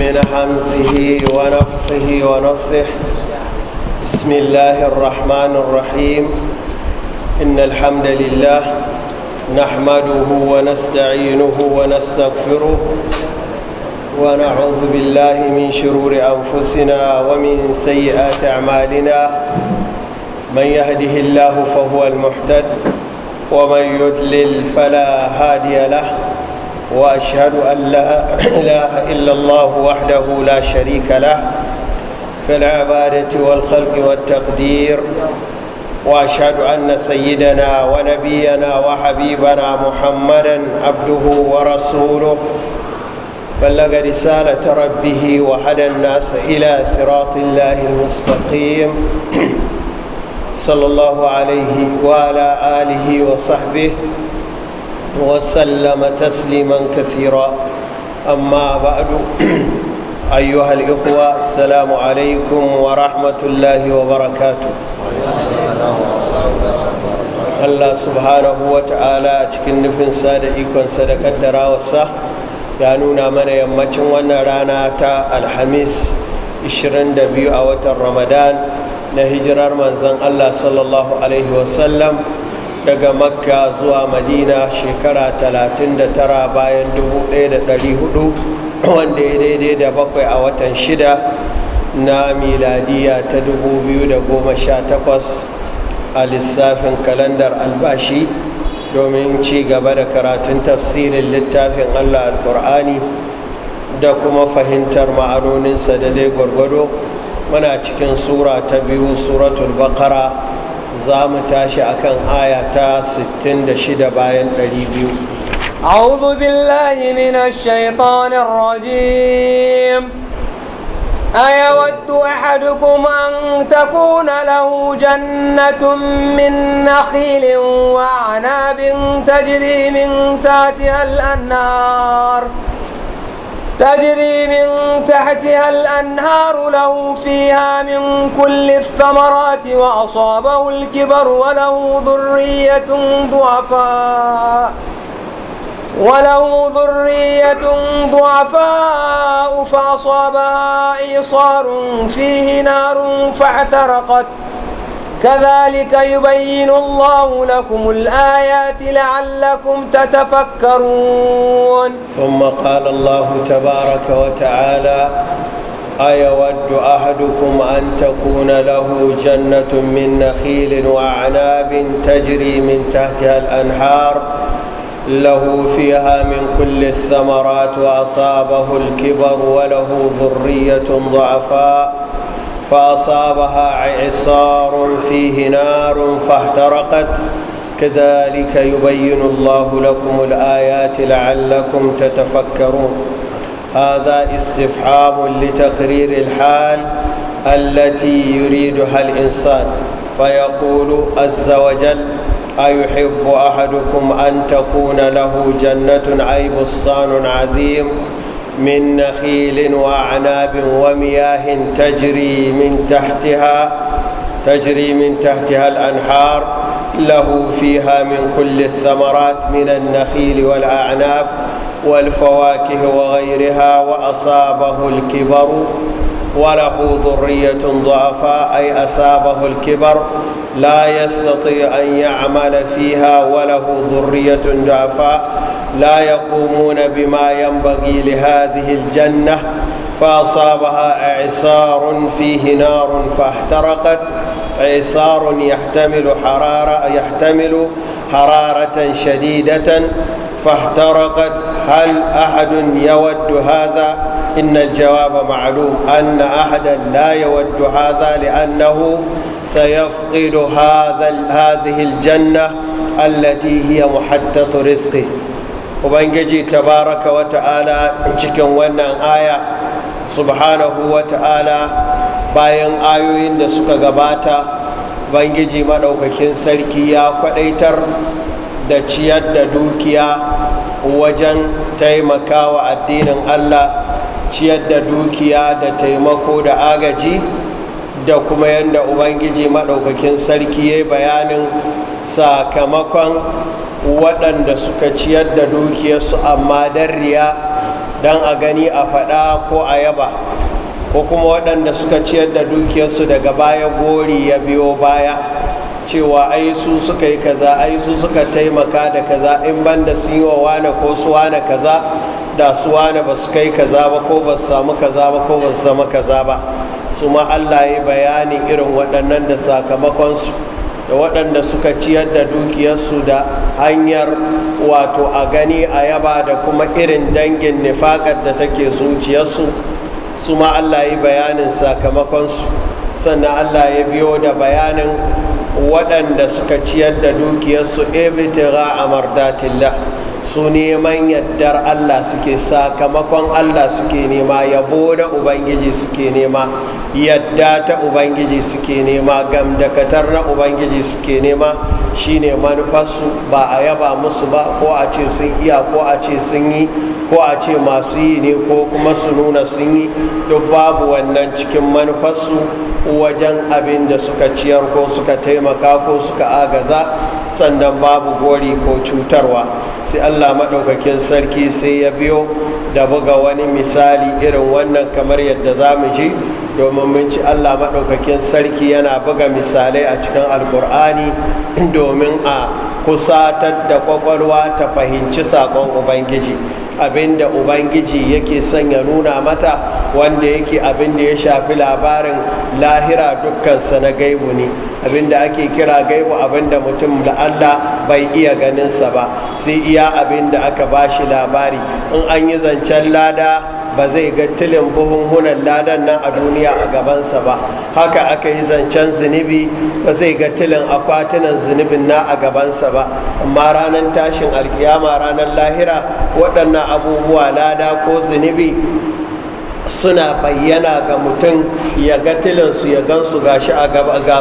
من حمزه ونفقه ونفخه بسم الله الرحمن الرحيم إن الحمد لله نحمده ونستعينه ونستغفره ونعوذ بالله من شرور أنفسنا ومن سيئات أعمالنا من يهده الله فهو المحتد ومن يدلل فلا هادي له واشهد ان لا اله الا الله وحده لا شريك له في العباده والخلق والتقدير واشهد ان سيدنا ونبينا وحبيبنا محمدا عبده ورسوله بلغ رساله ربه وهدى الناس الى صراط الله المستقيم صلى الله عليه وعلى اله وصحبه وسلم تسليما كثيرا أما بعد أيها الإخوة السلام عليكم rahmatullahi الله وبركاته Allah subhanahu wa ta'ala a cikin nufin sada ikon da ya nuna mana yammacin wannan rana ta alhamis 22 a watan ramadan na hijirar manzan Allah sallallahu alaihi wasallam daga makka zuwa madina shekara 39 bayan 1400 wanda ya daidai da bakwai a watan shida na miladiya ta 2018 a lissafin kalandar albashi domin ci gaba da karatun tafsirin littafin allah alkur'ani da kuma fahimtar ma'anoninsa da dai gwargwado muna cikin sura ta biyu suratul bakara za mu tashi akan aya ta 66 bayan 200 a'udhu billahi minash shaitanir rajim أيود أحدكم أن تكون له جنة من نخيل وعناب تجري من تحتها الأنهار تجري من تحتها الأنهار له فيها من كل الثمرات وأصابه الكبر وله ذرية ضعفاء وله ذرية ضعفاء فأصابها إيصار فيه نار فاحترقت كذلك يبين الله لكم الآيات لعلكم تتفكرون ثم قال الله تبارك وتعالى أيود أحدكم أن تكون له جنة من نخيل وأعناب تجري من تحتها الأنهار له فيها من كل الثمرات وأصابه الكبر وله ذرية ضعفاء فأصابها إعصار فيه نار فاحترقت كذلك يبين الله لكم الآيات لعلكم تتفكرون هذا استفحام لتقرير الحال التي يريدها الإنسان فيقول عز وجل أيحب أحدكم أن تكون له جنة أي بستان عظيم من نخيل وأعناب ومياه تجري من تحتها تجري من تحتها الأنحار له فيها من كل الثمرات من النخيل والأعناب والفواكه وغيرها وأصابه الكبر وله ذرية ضعفاء أي أصابه الكبر لا يستطيع أن يعمل فيها وله ذرية ضعفاء لا يقومون بما ينبغي لهذه الجنة فأصابها إعصار فيه نار فاحترقت إعصار يحتمل حرارة يحتمل حرارة شديدة فاحترقت هل أحد يود هذا إن الجواب معلوم أن أحدا لا يود هذا لأنه سيفقد هذا هذه الجنة التي هي محتة رزقه ubangiji tabaraka wa ta'ala cikin wannan aya subhanahu wa ta'ala bayan ayoyin da suka gabata ubangiji maɗaukakin sarki ya kwaɗaitar da ciyar da dukiya wajen taimakawa addinin allah ciyar da dukiya da taimako da agaji da kuma yadda ubangiji maɗaukakin sarki ya bayanin sakamakon waɗanda suka ciyar da dukiyarsu amma don riya don a gani a faɗa ko a yaba ko kuma waɗanda suka ciyar da dukiyarsu daga baya gori ya biyo baya cewa ai su suka yi kaza ai su suka taimaka da kaza in banda sun yi wa wane ko su wane kaza da su wane ba su kai kaza ba ko ba su samu kaza ba ko ba su zama kaza ba su ma allah ya bayanin irin waɗannan da sakamakonsu da waɗanda suka ciyar da dukiyarsu da hanyar wato a gani a yaba da kuma irin dangin nifakar da take zuciyarsu su ma allah yi bayanin sakamakonsu sannan allah ya biyo da bayanin waɗanda suka ciyar da dukiyarsu ta a datillah su neman yaddar Allah suke sakamakon Allah suke nema yabo da Ubangiji suke nema yadda ta Ubangiji suke nema gamdakatar na Ubangiji suke nema shine manufarsu ba a yaba musu ba ko a ce sun iya ko a ce sun yi ko a ce masu yi ne ko kuma su nuna sun yi duk babu wannan cikin manufarsu wajen abin da suka ciyar ko suka taimaka ko suka agaza sannan babu gori ko cutarwa sai allah maɗaukakin sarki sai ya biyo da buga wani misali irin wannan kamar yadda za mu ji domin mun ci allah maɗaukakin sarki yana buga misalai a cikin alkur'ani domin a kusatar da kwakwalwa ta fahimci saƙon ubangiji abin da ubangiji yake son ya nuna mata wanda yake abin da ya shafi labarin lahira dukkansa na gaibu ne abinda ake kira gaibu abinda mutum da allah bai iya ganinsa ba sai iya abin da aka bashi labari in an yi zancen lada ba zai ga tilin buhunhunan ladan nan a duniya a gabansa ba haka aka yi zancen zunubi ba zai ga tilin akwatunan zunubin na a gabansa ba amma ranar tashin alkiyama ranar lahira waɗannan abubuwa lada ko zunubi suna bayyana ga mutum ya ga tilinsu ya gansu ga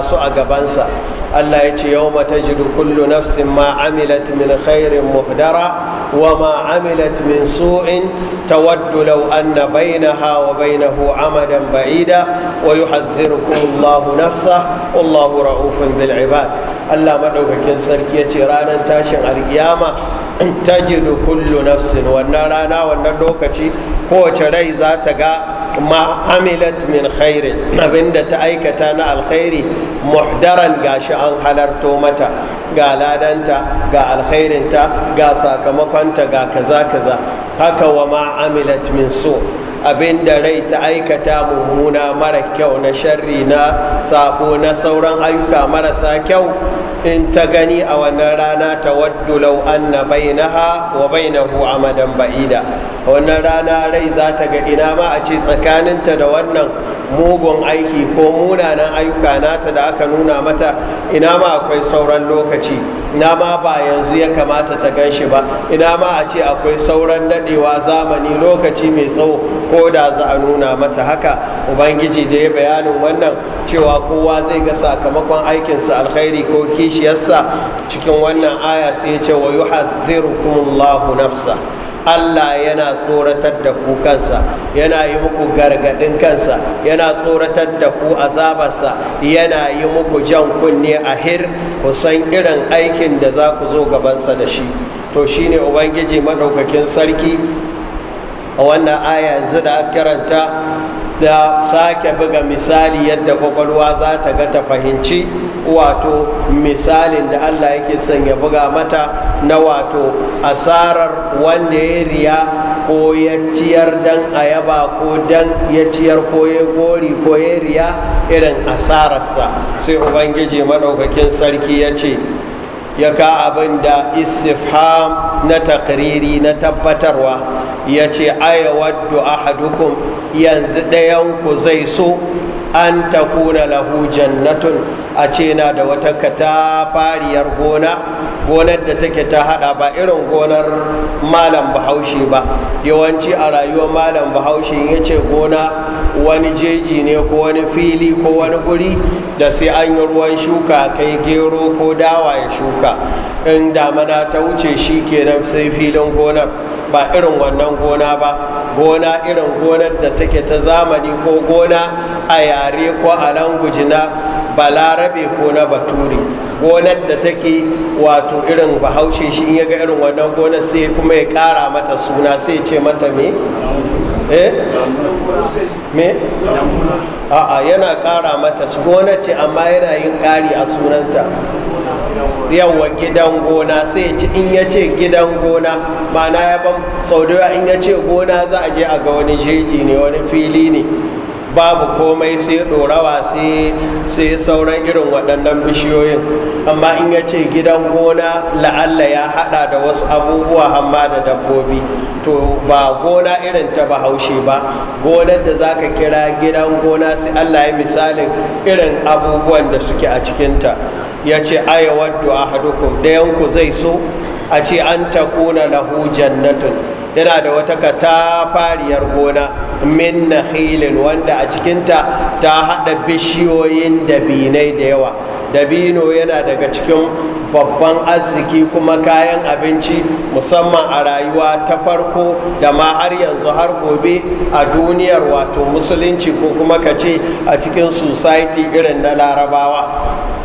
su a gabansa Allah ya ce yau mata jidu kullu nafsin ma amilat min khairin muhdara wa ma amilat min su'in tawaddu law anna bainaha wa bainahu amadan ba'ida wa yuhadhdhirukum Allahu nafsa wallahu ra'ufun bil ibad Allah madaukakin sarki ya ce ranar tashin alkiyama tajidu kullu nafsin wannan rana wannan lokaci kowace rai za ta ga ma amilat min khairin abinda ta aikata na alkhairi muhdaran gashi an halarto mata ga ladanta ga alkhairinta ga sakamakonta ga kaza kaza haka wa ma amilat min su' abin da rai ta aikata mummuna mara kyau na sharri na sabo na sauran ayyuka marasa kyau in ta gani a wannan rana ta waddu lau anna bainaha wa bainahu amadan ba'ida wannan rana rai za ta ga ina ma a ce tsakaninta da wannan mugun aiki ko munanan ayyuka nata da aka nuna mata ina ma akwai sauran lokaci ina ma ba yanzu ya kamata ta gan shi ba ina ma a ce akwai sauran dadewa zamani lokaci mai tsawo ko da za a nuna mata haka ubangiji da ya bayanin wannan cewa kowa zai ga sakamakon aikinsa alkhairi ko kishiyarsa cikin wannan aya sai ce wa yuhadhdhirukumullahu nafsa Allah yana tsoratar da ku kansa yana yi muku gargadin kansa yana tsoratar da ku azabarsa yana yi muku jan kunne a hir ku san irin aikin da za ku zo gabansa da shi to shine ubangiji maɗaukakin sarki a wannan aya yanzu da karanta da sake buga misali yadda kwakwalwa za ta ga ta fahimci wato misalin da allah yake son ya buga mata na wato asarar wanda ya riya ko ya ciyar dan ayaba ko dan ya ciyar ko ya gori ko ya riya irin asararsa sai ubangiji maɗaukakin sarki ya ce ya ka abin da istifham na takriri na tabbatarwa ya ce ayawaddu ahadukum yanzu ɗayan ku zai so an takuna lahu jannatun a ce na da wata katafariyar gona gonar da take ta hada ba irin gonar malam bahaushe ba yawanci a rayuwar malam bahaushe ya ce gona wani jeji ne ko wani fili ko wani guri da sai an yi ruwan shuka kai gero ko dawa ya shuka in damana ta wuce shi kenan sai filin gonar ba irin wannan gona ba gona irin gonar da take ta zamani ko gona a yare ko a languji na balarabe ko na bature gonar da take wato irin bahaushe shi in ya ga irin wannan gonar sai kuma ya kara mata suna sai ce mata me a eh? a'a yana kara mata su gona ce amma yana yin ƙari a sunanta yawa gidan gona sai ya ci in ya ce gidan gona ma'ana ya ban sau da in ya ce gona za a je a ga wani jeji ne wani fili ne babu komai sai ɗorawa sai sauran irin waɗannan bishiyoyin amma in ya ce gidan gona la'alla ya haɗa da wasu abubuwa amma da dabbobi to ba gona irin ta bahaushe ba gonar da za ka kira gidan gona sai allah ya misalin irin abubuwan da suke a cikinta ya ce ayawaddu Ɗayan ku zai so a ce an takuna lahu jannatun yana da wata katafariyar gona min nakhilin wanda a cikinta ta haɗa bishiyoyin dabinai da yawa dabino yana daga cikin babban arziki kuma kayan abinci musamman a rayuwa ta farko da ma har yanzu har gobe a duniyar wato musulunci ko kuma kace a cikin society irin na larabawa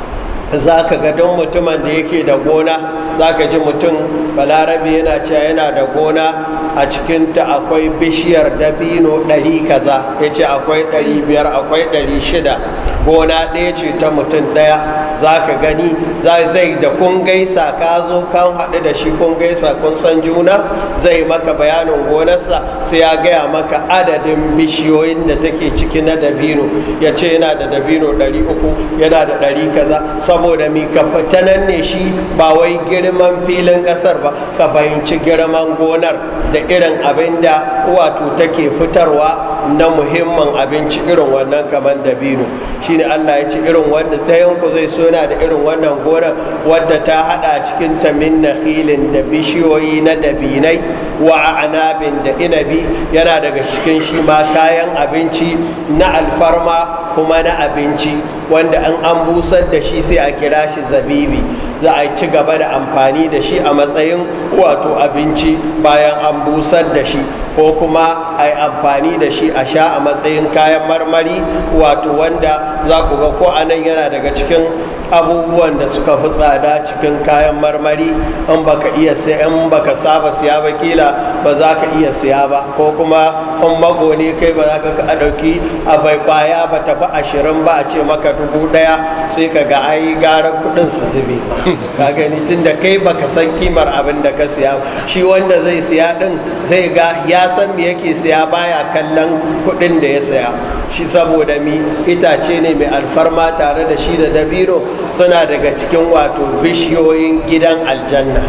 za ka ga don mutumin da yake da gona za ka ji mutum balarabe yana cewa yana da gona a cikinta akwai bishiyar dabino ɗari kaza ya ce akwai ɗari biyar akwai ɗari shida gona ɗaya ce ta mutum ɗaya za ka gani zai da kun gaisa ka zo kan haɗu da shi kun gaisa kun san juna zai maka bayanin gonarsa sai ya gaya maka adadin bishiyoyin da take ciki na dabino ya ce yana da dabino ɗari uku yana da ɗari kaza saboda mi ka fitanan ne shi ba wai girman filin kasar ba ka fahimci girman gonar da irin abin da wato take fitarwa na muhimman abinci irin wannan kamar dabino shine Allah ya ci irin wanda ta yanku zai sona da irin wannan gonar wadda ta hada cikin ta min filin da bishiyoyi na dabinai wa anabin da inabi yana daga cikin shi ma kayan abinci na alfarma kuma na abinci wanda an an busar da shi sai a kira shi zabibi za a ci gaba da amfani da shi a matsayin wato abinci bayan an busar da shi ko kuma a yi amfani da shi a sha a matsayin kayan marmari wato wanda za ku ga ko anan yana daga cikin abubuwan da suka fi tsada cikin kayan marmari in baka iya in baka saba siya ba kila ba za ka iya siya ba ko kuma in magoni kai ba za ka ɗauki a bai baya ba tafi ashirin ba a ce maka dubu ɗaya sai ka ga ai gara kuɗin su zube ka gani tun da kai baka san kimar abin da ka siya shi wanda zai siya din zai ga ya san me yake siya baya kallon kudin da ya siya shi saboda mi itace ne mai alfarma tare da shi da dabiro suna daga cikin wato bishiyoyin gidan aljanna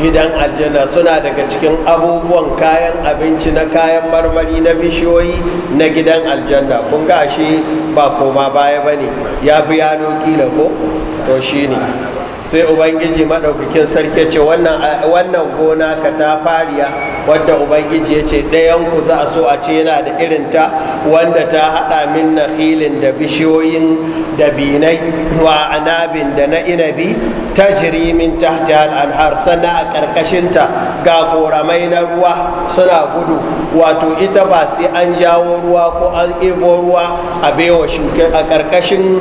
gidan aljanna suna daga cikin abubuwan kayan abinci na kayan marmari na bishiyoyi na gidan aljanna kun ga shi ba koma baya bane ya fi doki da ko to shi ne sai ubangiji maɗaukakin sarki ce wannan gona ka ta fariya wadda ubangiji ya ce ɗayanku za a so a ce yana da ta, wanda ta haɗa min na filin da bishiyoyin da binai wa anabin da na inabi ta jirimin tahta anhar sannan a ƙarƙashinta ga goramai na ruwa suna gudu wato ita ba sai an jawo ruwa ko an ebo ruwa a baiwa shuke a ƙarƙashin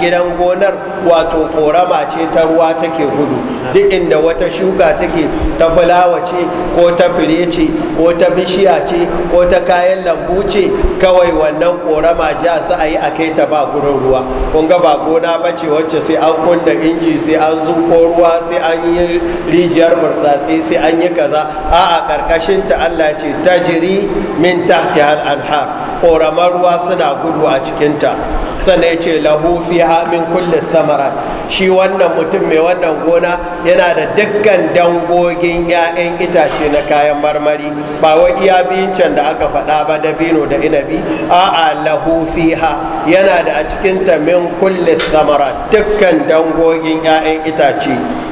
gidan gonar wato korama ce ta ruwa take gudu duk inda wata shuka take ta fulawa ce ko ta fire ce ko ta bishiya ce ko ta kayan lambu ce kawai wannan korama ja su a yi a kai ta ba gurin ruwa kun ga ba gona ba ce wacce sai an kunna inji sai an zuko ruwa sai an yi rijiyar murtsa watsi sai an yi kaza a'a ƙarƙashin ta Allah ce tajiri min tahti hal anhar Ƙoramar ruwa suna gudu a cikinta sannan ya ce lahu fiha min kulli samara shi wannan mutum mai wannan gona yana da dukkan dangogin 'ya'yan itace na kayan marmari ba wai iya biyun can da aka faɗa ba da bino da inabi a'a lahu fiha yana da a cikinta min kulli samara dukkan dangogin 'ya'yan itace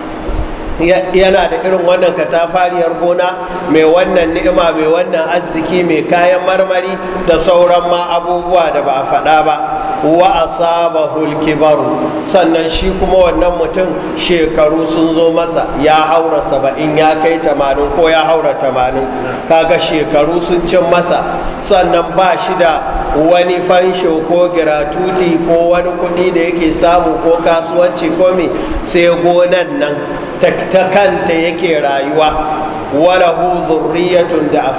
yana da irin wannan katafariyar gona mai wannan ni'ima mai wannan arziki mai kayan marmari da sauran ma abubuwa da ba a faɗa ba wa hulki kibaru sannan shi kuma wannan mutum shekaru sun zo masa ya haura saba'in ya kai tamanin ko ya haura tamanin kaga shekaru sun cin masa sannan ba shi da wani fansho ko giratuti ko wani kudi da yake samu ko kasuwanci ko sai gonan nan ta kanta yake rayuwa wala hu zurriyatun da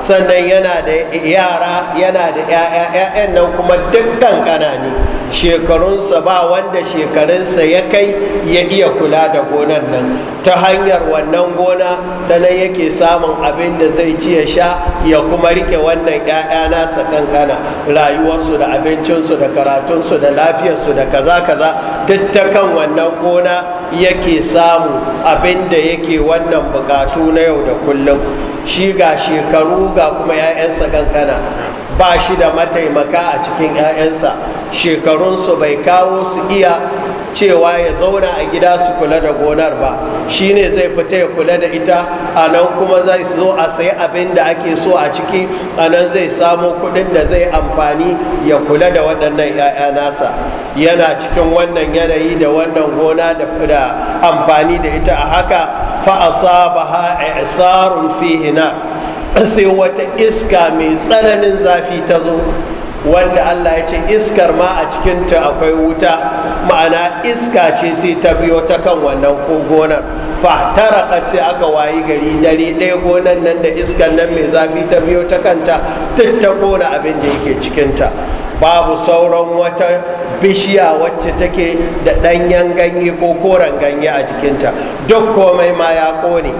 sannan yana da yara yana da ‘ya'ya'ya'yan nan kuma dukkan ƙanani shekarunsa ba wanda shekarunsa ya kai ya iya kula da gonan nan ta hanyar wannan gona ta nan yake samun abin da zai ci ya sha ya kuma rike wannan ‘ya'ya nasa kankana rayuwarsu da abincinsu da karatunsu da lafiyarsu da kaza kaza duk ta kan wannan gona yake samu abin da yake wannan bukatu na yau da kullum shi ga shekaru ga kuma 'ya'yansa kankana ba shi da mataimaka a cikin 'ya'yansa shekarunsu bai kawo su iya cewa ya zauna a gida su kula da gonar ba shi ne zai fita ya kula da ita a nan kuma zai zo a sayi abin da ake so a ciki a nan zai samu kuɗin da zai amfani ya kula da waɗannan 'ya'ya nasa yana cikin wannan yanayi da wannan gona da amfani da ita a haka fa'asa ba tsarin fi fihina sai wata iska mai tsananin zafi ta zo wanda Allah ya ce iskar ma a cikinta akwai wuta ma'ana iska ce sai ta biyo ta kan wannan ko gonar fahtarakat sai aka wayi gari dare ɗaya gonar nan da iskar nan mai zafi ta biyo ta kanta duk ta kona abin da yake cikinta babu sauran wata bishiya wacce take da ɗanyen ganye ko koren ganye a jikinta duk komai ma ya kone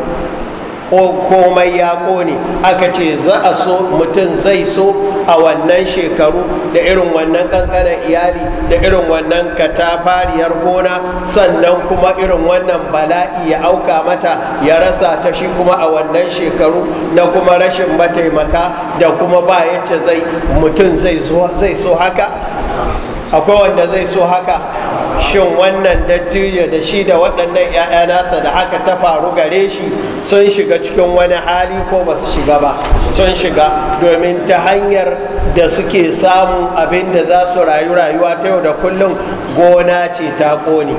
komai ya ƙone aka ce za a so mutum zai so a wannan shekaru da irin wannan kankanan iyali da irin wannan katafariyar gona sannan kuma irin wannan bala'i ya auka mata ya rasa ta shi kuma a wannan shekaru na kuma rashin mataimaka da kuma ba yace zai mutum zai so haka akwai wanda zai so haka shin wannan dattijo da shi da waɗannan 'ya'ya nasa da aka ta faru gare shi sun shiga cikin wani hali ko ba su shiga ba sun shiga domin ta hanyar da suke samun abin da za su rayu rayuwa ta yau da kullum gona ce ta ƙone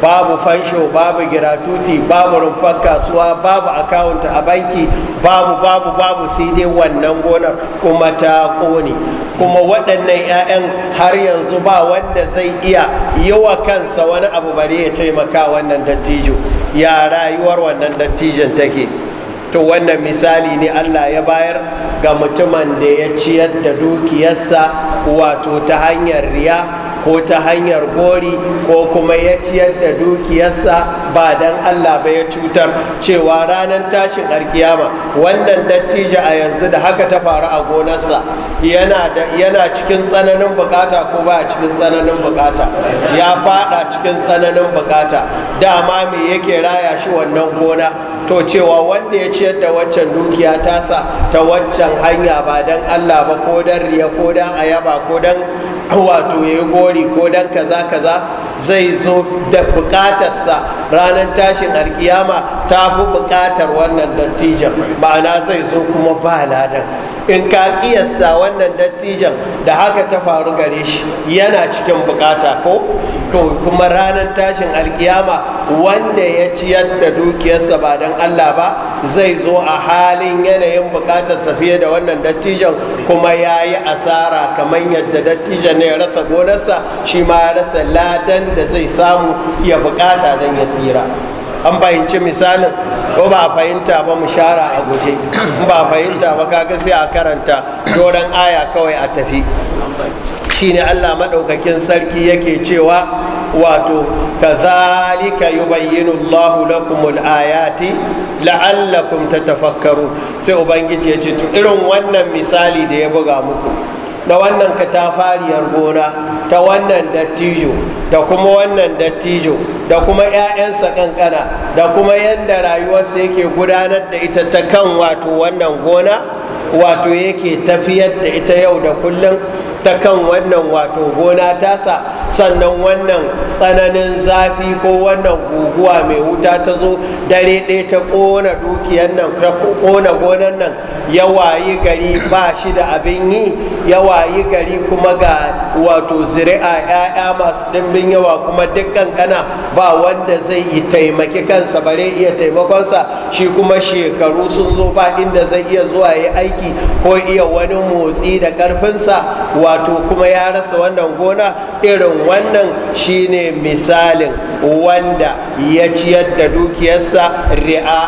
babu fansho babu giratuti babu rumfar kasuwa babu akawunt a banki babu babu babu sai dai wannan gonar kuma ta ƙone kuma waɗannan 'ya'yan har yanzu ba wanda zai iya yawa kansa wani abu bare ya taimaka wannan dattijo ya rayuwar wannan dattijon take to wannan misali ne allah ya bayar ga mutumin da ya ciyar da dukiyarsa wato ta hanyar riya ko ta hanyar gori ko kuma ya ciyar da dukiyarsa ba dan Allah ba ya cutar cewa ranar tashin alkiyama wannan dattijo a yanzu da haka ta faru a gonarsa yana cikin tsananin bukata ko ba cikin tsananin bukata ya fada cikin tsananin bukata dama me yake raya shi wannan gona to cewa wanda ya ciyar da waccan dukiya tasa ta waccan hanya ba don Allah ba ko don riya ko don ayaba ko don wato ya yi gori ko don kaza kaza zai zo da bukatarsa ranar tashin alkiyama ta fi bukatar wannan dattijan ma'ana zai zo kuma ba ladan in ka kiyasta wannan dattijan da haka ta faru gare shi yana cikin bukata ko to kuma ranar tashin alkiyama wanda ya ciyar da dukiyarsa ba don Allah ba zai zo a halin yanayin bukatarsa fiye da wannan dattijan kuma ya yi asara kamar yadda dattijan ne ya rasa gonarsa shi ma ya rasa ladan da zai samu ya bukata don ya tsira an fahimci misalin ko ba fahimta ba mu shara a guje ba fahimta ba kaga sai a karanta doron aya kawai a tafi shine allah maɗaukakin sarki yake cewa wato kazalika yubayyinu Allahu lakumul ayati la'allakum tatafakkaru sai ubangiji ya ce irin wannan misali da ya buga muku da wannan katafariyar gona ta wannan dattijo da kuma wannan dattijo da kuma 'ya'yansa kankana da kuma yadda rayuwarsa yake gudanar da ita ta kan wato wannan gona wato yake tafiyar da ita yau da kullum ta kan wannan wato gona tasa sannan wannan tsananin zafi ko wannan guguwa mai wuta ta zo dare ɗaya ta ƙona dukiyar nan ƙona gonar nan yawayi gari ba shi da abin yi yawayi gari kuma ga wato zuri'a 'ya'ya masu ɗimbin yawa kuma duk kankana ba wanda zai yi taimaki kansa bare iya taimakonsa shi kuma shekaru sun zo ba inda zai iya zuwa ya aiki aiki ko iya wani motsi da karfinsa wato kuma ya rasa wannan gona irin wannan shine misalin wanda ya ciyar da dukiyarsa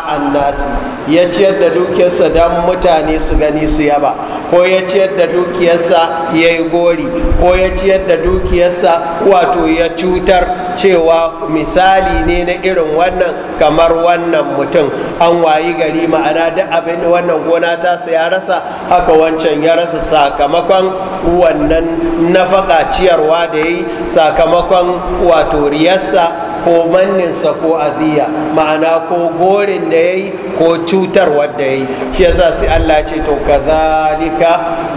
an nasi ya ciyar da dukiyarsa don mutane su gani su yaba ko ya ciyar da dukiyarsa ya yi gori ko ya ciyar da dukiyarsa wato ya cutar cewa misali ne na irin wannan kamar wannan mutum an wayi gari ma'ana duk abin wannan gona ta ya rasa haka wancan ya rasa sakamakon wannan nafaka ciyarwa da ya yi sakamakon wato riyarsa ko manninsa ko aziya ma'ana ko gorin da ya yi ko cutar wadda ya yi shi yasa su Allah ce to yi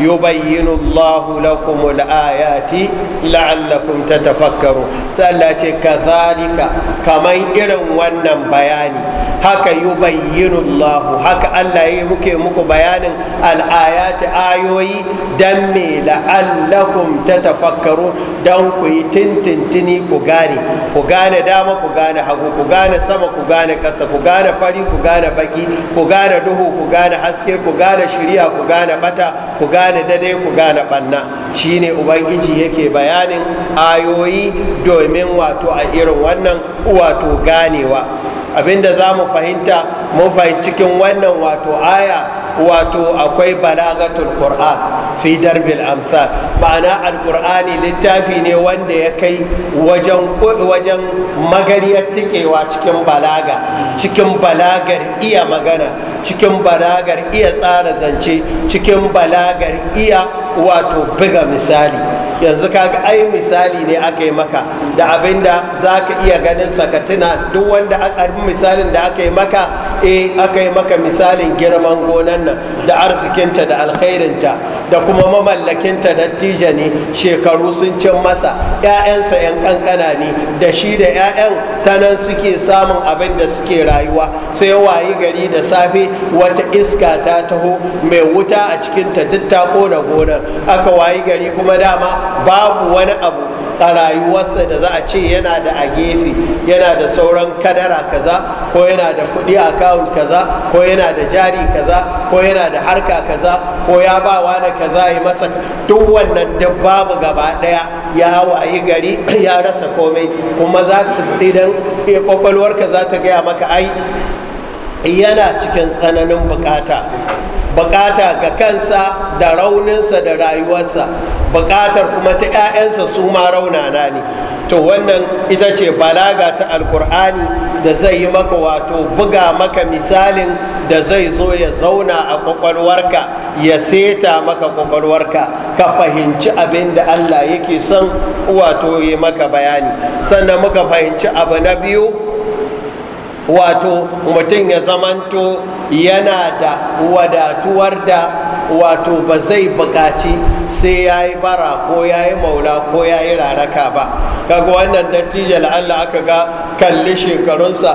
yubayyinu Allahu lakum al-ayati la'allakum tafakkaru sai Allah ce zalika kamar irin wannan bayani haka yi yubayyinu Allah haka Allah ya muke muku bayanin al'ayati ayoyi dan me la'allakum tafakkaru dan ku yi tintintini ku gane ku gane da dama ku gane hagu ku gane sama ku gane ƙasa ku gane fari ku gane baki ku gane duhu ku gane haske ku gane shirya ku gane bata ku gane dade ku gane banna shine ubangiji yake bayanin ayoyi domin wato a irin wannan wato ganewa abinda za mu fahimta mun fahimci cikin wannan wato aya wato akwai balagatul qur'an fi darbil amsal ma'ana alqur'ani littafi ne wanda ya kai wajen wajen magariyar tikewa cikin balaga cikin balagar iya magana cikin balagar iya tsara zance cikin balagar iya wato buga misali yanzu kaga ai misali ne aka yi maka da abin da za ka iya ganin sakatina duk wanda abin misalin da aka yi maka e aka yi maka misalin girman gonan nan da arzikinta da alkhairinta da kuma mamallakinta dattija ne shekaru sun cin masa 'ya'yansa 'yan kankana ne da shi da 'ya'yan ta nan suke samun abin da suke rayuwa sai wayi gari da safe wata iska ta taho mai wuta a cikin ta duk ta kona gonan aka wayi gari kuma dama babu wani abu a rayuwarsa da za a ce yana da a gefe yana da sauran kadara kaza ko yana da kuɗi a kawun kaza ko yana da jari kaza ko yana da harka kaza ko ya ba wani kaza yi masa duk wannan duk babu gaba ɗaya ya wayi gari ya rasa komai kuma za ka idan kwakwalwarka eh, za ta gaya maka ai yana cikin tsananin bukata bukata ga kansa da rauninsa da rayuwarsa bukatar kuma ta 'ya'yansa su ma raunana ne to wannan ita ce balaga ta alkur'ani da zai yi maka wato buga maka misalin da zai zo ya zauna a kwakwalwarka ya seta maka kwakwalwarka ka fahimci abin da allah yake son wato ya maka bayani sannan muka fahimci abu na biyu wato mutum ya zamanto yana da wadatuwar da wato ba zai bukaci sai ya yi bara ko ya yi maula ko ya yi raraka ba kaga wannan dattijan Allah aka ga kalli shekarunsa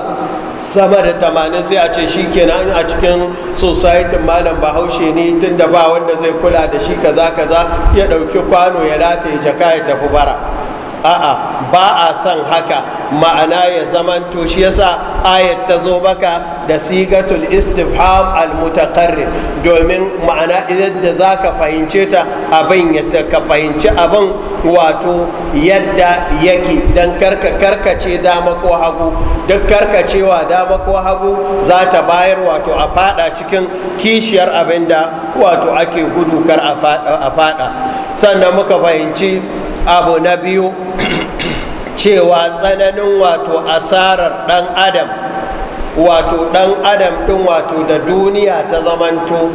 sama da tamanin sai a ce shi kenan a cikin sosaitin malam bahaushe ne tun da ba wanda zai kula da shi kaza kaza ya ɗauki kwano ya rataye jaka ya tafi bara a'a ba a son haka ma'ana ya zaman to shi yasa ayat ta zo baka da sigatul istifham al mutaqarrir domin ma'ana yadda zaka fahimce ta abin yadda ka fahimci abin wato yadda yake dan karka karkace dama ko hagu duk karkacewa dama ko hagu za ta bayar wato a fada cikin kishiyar abin da wato ake gudu kar a fada sannan muka fahimci abu na biyu cewa tsananin wato asarar ɗan adam wato ɗan adam ɗin wato da duniya ta zamanto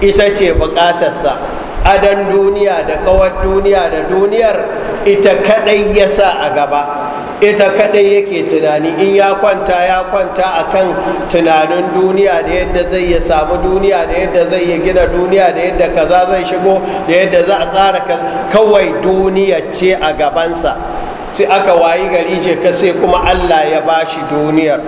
ita ce bukatarsa adan duniya da kawar duniya da duniyar ita kaɗai ya sa a gaba ita kadai yake tunani in ya kwanta ya kwanta akan tunanin duniya da yadda zai ya samu duniya da yadda zai ya gina duniya da yadda kaza zai shigo da yadda za a tsara kawai duniya ce a gabansa sai aka wayi gari je ka sai kuma allah ya bashi duniyar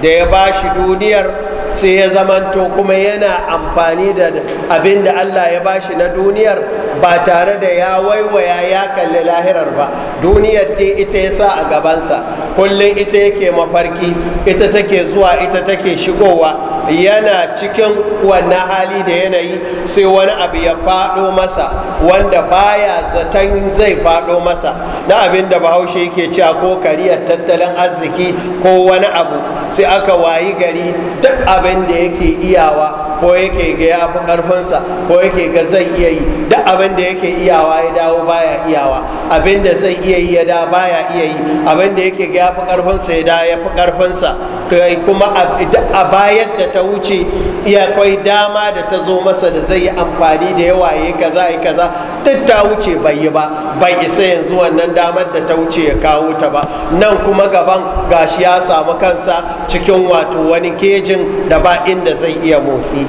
da ya bashi duniyar sai ya zamanto kuma yana amfani da abin da Allah ya bashi na duniyar ba tare da ya waiwaya ya kalli lahirar ba duniyar dai ita ya sa a gabansa kullum ita yake mafarki ita take zuwa ita take shigowa yana cikin wannan hali da yanayi sai wani abu ya faɗo masa wanda baya zaton zai faɗo masa na abin da bahaushe yake cewa ko kariyar tattalin arziki ko wani abu sai aka wayi gari duk abin da yake iyawa ko yake ga ya fi karfinsa ko yake ga zai iya yi duk abin da yake iyawa ya dawo baya iyawa abin da zai iya yi ya da baya iya yi abin da yake ga ya fi karfinsa ya da ya fi karfinsa kuma a bayan da ta wuce iya kwai dama da ta zo masa da zai yi amfani da yawa ya kaza ya kaza duk ta wuce bai yi ba bai isa yanzu wannan damar da ta wuce ya kawo ta ba nan kuma gaban gashi ya samu kansa cikin wato wani kejin da ba inda zai iya motsi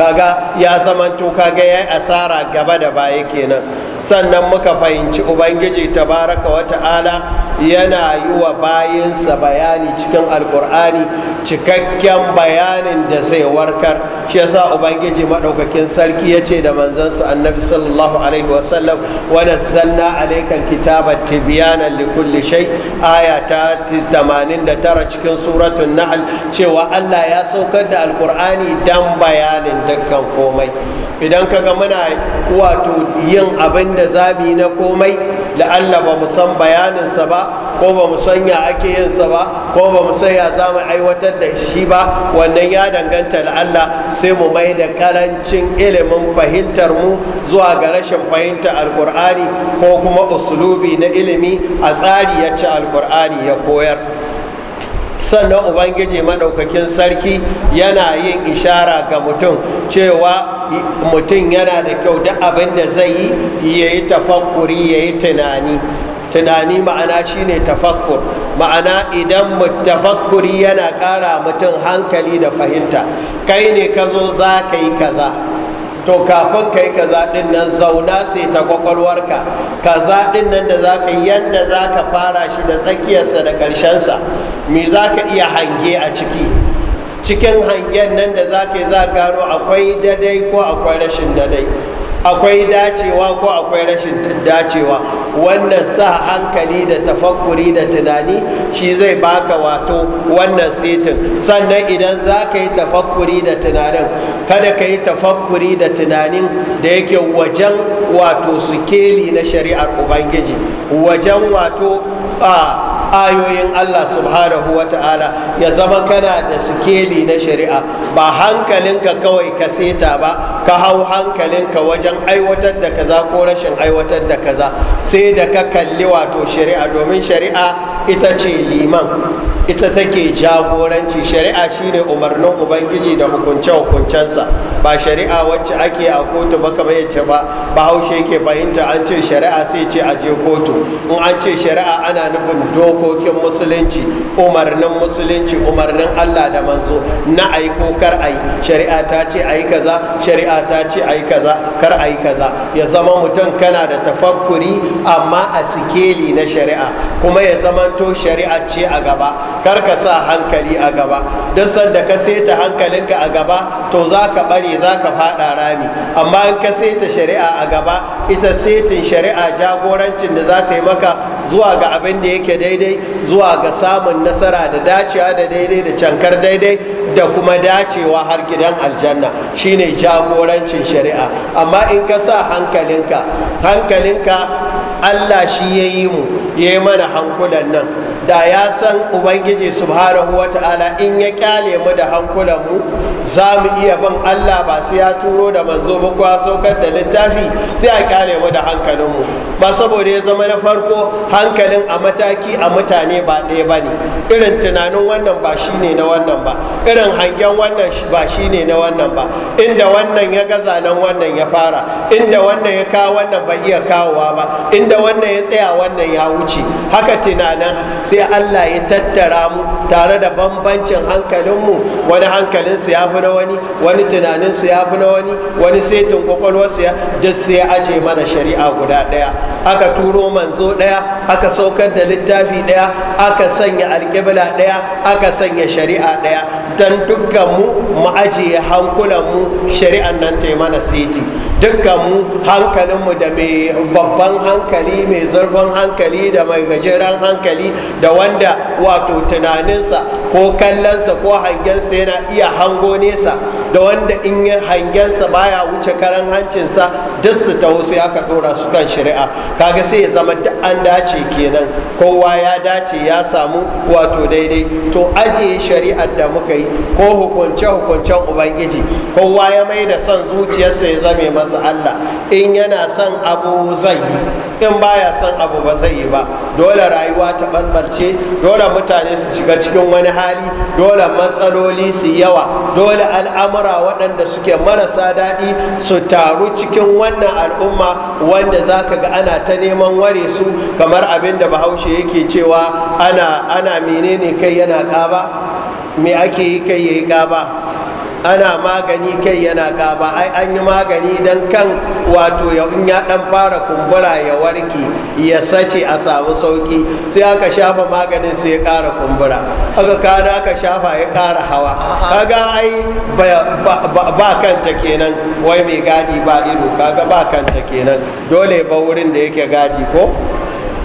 kaga ya zamanto kaga ya asara gaba da baya kenan sannan muka fahimci ubangiji tabaraka wa ta'ala yana yi wa bayinsa bayani cikin alkur'ani cikakken bayanin da zai warkar shi yasa ubangiji maɗaukakin sarki ya ce da manzansa annabi sallallahu alaihi wasallam wa nazzalna alaikal kitaba tibyana likulli shay aya ta 89 cikin suratul nahl cewa Allah ya saukar da alkur'ani dan bayanin dukkan komai idan kaga muna wato yin abin da zabi na komai la'alla ba mu san bayaninsa ba ko ba mu san ya ake yinsa ba ko ba mu san ya za mu aiwatar da shi ba wannan ya danganta la'alla sai mu mai da karancin ilimin fahimtar mu zuwa ga rashin fahimta alkur'ani ko kuma usulubi na ilimi a tsari ya ci alkur'ani ya koyar sannan ubangiji madaukakin sarki yana yin ishara ga mutum cewa mutum yana da kyau da abin da zai yi ya yi tafakkuri ya yi tunani tunani ma'ana shine tafakkur ma'ana idan tafakkuri yana ƙara mutum hankali da fahimta kai ne ka zo za ka yi kaza to kafin kai yi zaɗin nan zauna sai ta kwakwalwarka ka zaɗin nan da za ka yadda za ka fara shi da tsakiyarsa da ƙarshensa me za ka iya hange a ciki cikin hangen nan da za ka yi za gano akwai dadai ko akwai rashin dadai akwai dacewa ko akwai rashin dacewa wannan sa hankali da tafakuri da tunani shi zai baka wato wannan setin sannan idan za ka yi tafakkuri da tunanin kada ka yi tafakkuri da tunanin da yake wajen wato sukeli na shari'ar ubangiji wajen wato a ayoyin Allah subhanahu wa ta'ala ya zama kana da sukeli na shari'a ba hankalinka kawai ka seta ba ka hau hankalinka wajen aiwatar da kaza ko rashin aiwatar da kaza sai da ka kalli wato shari'a domin shari'a ita ce liman ita take jagoranci shari'a shine umarnin ubangiji da hukunce-hukuncensa ba shari'a wacce ake a kotu ba kamar yace ba bahaushe yake fahimta an ce shari'a sai ce a je kotu in an ce shari'a ana nufin dokokin musulunci umarnin musulunci umarnin allah da manzo na ayi ko kar ai shari'a ta ce ayi kaza shari'a ta ce ayi kaza kar ayi kaza ya zama mutum kana da tafakkuri amma a sikeli na shari'a kuma ya zamanto shari'a ce a gaba kar ka sa hankali a gaba don sanda ka saita hankalinka a gaba to za ka bare za ka fada rami amma in ka seta shari'a a gaba ita setin shari'a jagorancin da za ta yi maka zuwa ga abin da yake daidai zuwa ga samun nasara da dacewa da daidai da cankar daidai da kuma dacewa har gidan aljanna shine jagorancin shari'a amma in ka sa hankalinka hankalinka allah shi ya yi mu ya yi mana hankulan nan da ya san ubangiji subhanahu wa ta'ala in ya kyale mu da hankulanmu za mu iya ban allah ba su ya turo da manzo ba kuwa saukar da littafi sai a kyale mu da hankalinmu ba saboda ya zama na farko hankalin a mataki a mutane ba ɗaya ba ne irin tunanin wannan ba shi ne na wannan ba irin hangen wannan ba shi ne na wannan ba inda wannan ya gaza nan wannan ya fara inda wannan ya kawo wannan ba iya kawowa ba inda wannan ya tsaya wannan ya wuce haka tunanin sai allah ya tattara mu tare da bambancin hankalinmu wani su ya fi na wani wani su ya fi na wani wani setin su ya duk sai ya aje mana shari'a guda ɗaya aka turo manzo ɗaya aka saukar da littafi ɗaya aka sanya alƙibla ɗaya aka sanya shari'a ɗaya dan dukkanmu mu ajiye mu shari'an nan ta yi mana siti dukkanmu hankalinmu da mai babban hankali mai zurfin hankali da mai gajeren hankali da wanda wato tunaninsa ko kallonsa ko hangensa yana iya hango nesa da wanda in hangensa baya wuce karan hancinsa duk su ta wasu ya ka dora su kan shari'a kaga sai ya zama duk an dace kenan kowa ya dace ya samu wato daidai to ajiye shari'ar da muka yi ko hukunce-hukuncen ubangiji kowa ya mai da son zuciyarsa ya zame masa allah in yana son abu zai in baya son abu ba zai yi ba dole rayuwa ta ɓalɓarce dole mutane su shiga cikin wani hali dole matsaloli su yawa dole al'amura waɗanda suke marasa daɗi su taru cikin wannan al'umma wanda za ka ga ana ta neman ware su kamar abin da bahaushe yake cewa ana menene kai yana ƙaba me ake yi kai ya yi gaba ana magani kai yana gaba ai an yi magani don kan wato ya in ya dan fara kumbura ya warke ya sace a samu sauki sai aka shafa maganin sai ya kara kumbura aka kada aka shafa ya kara hawa kaga ai ba kanta kenan wai mai gadi ba ido kaga ba kanta kenan dole ba wurin da yake gadi ko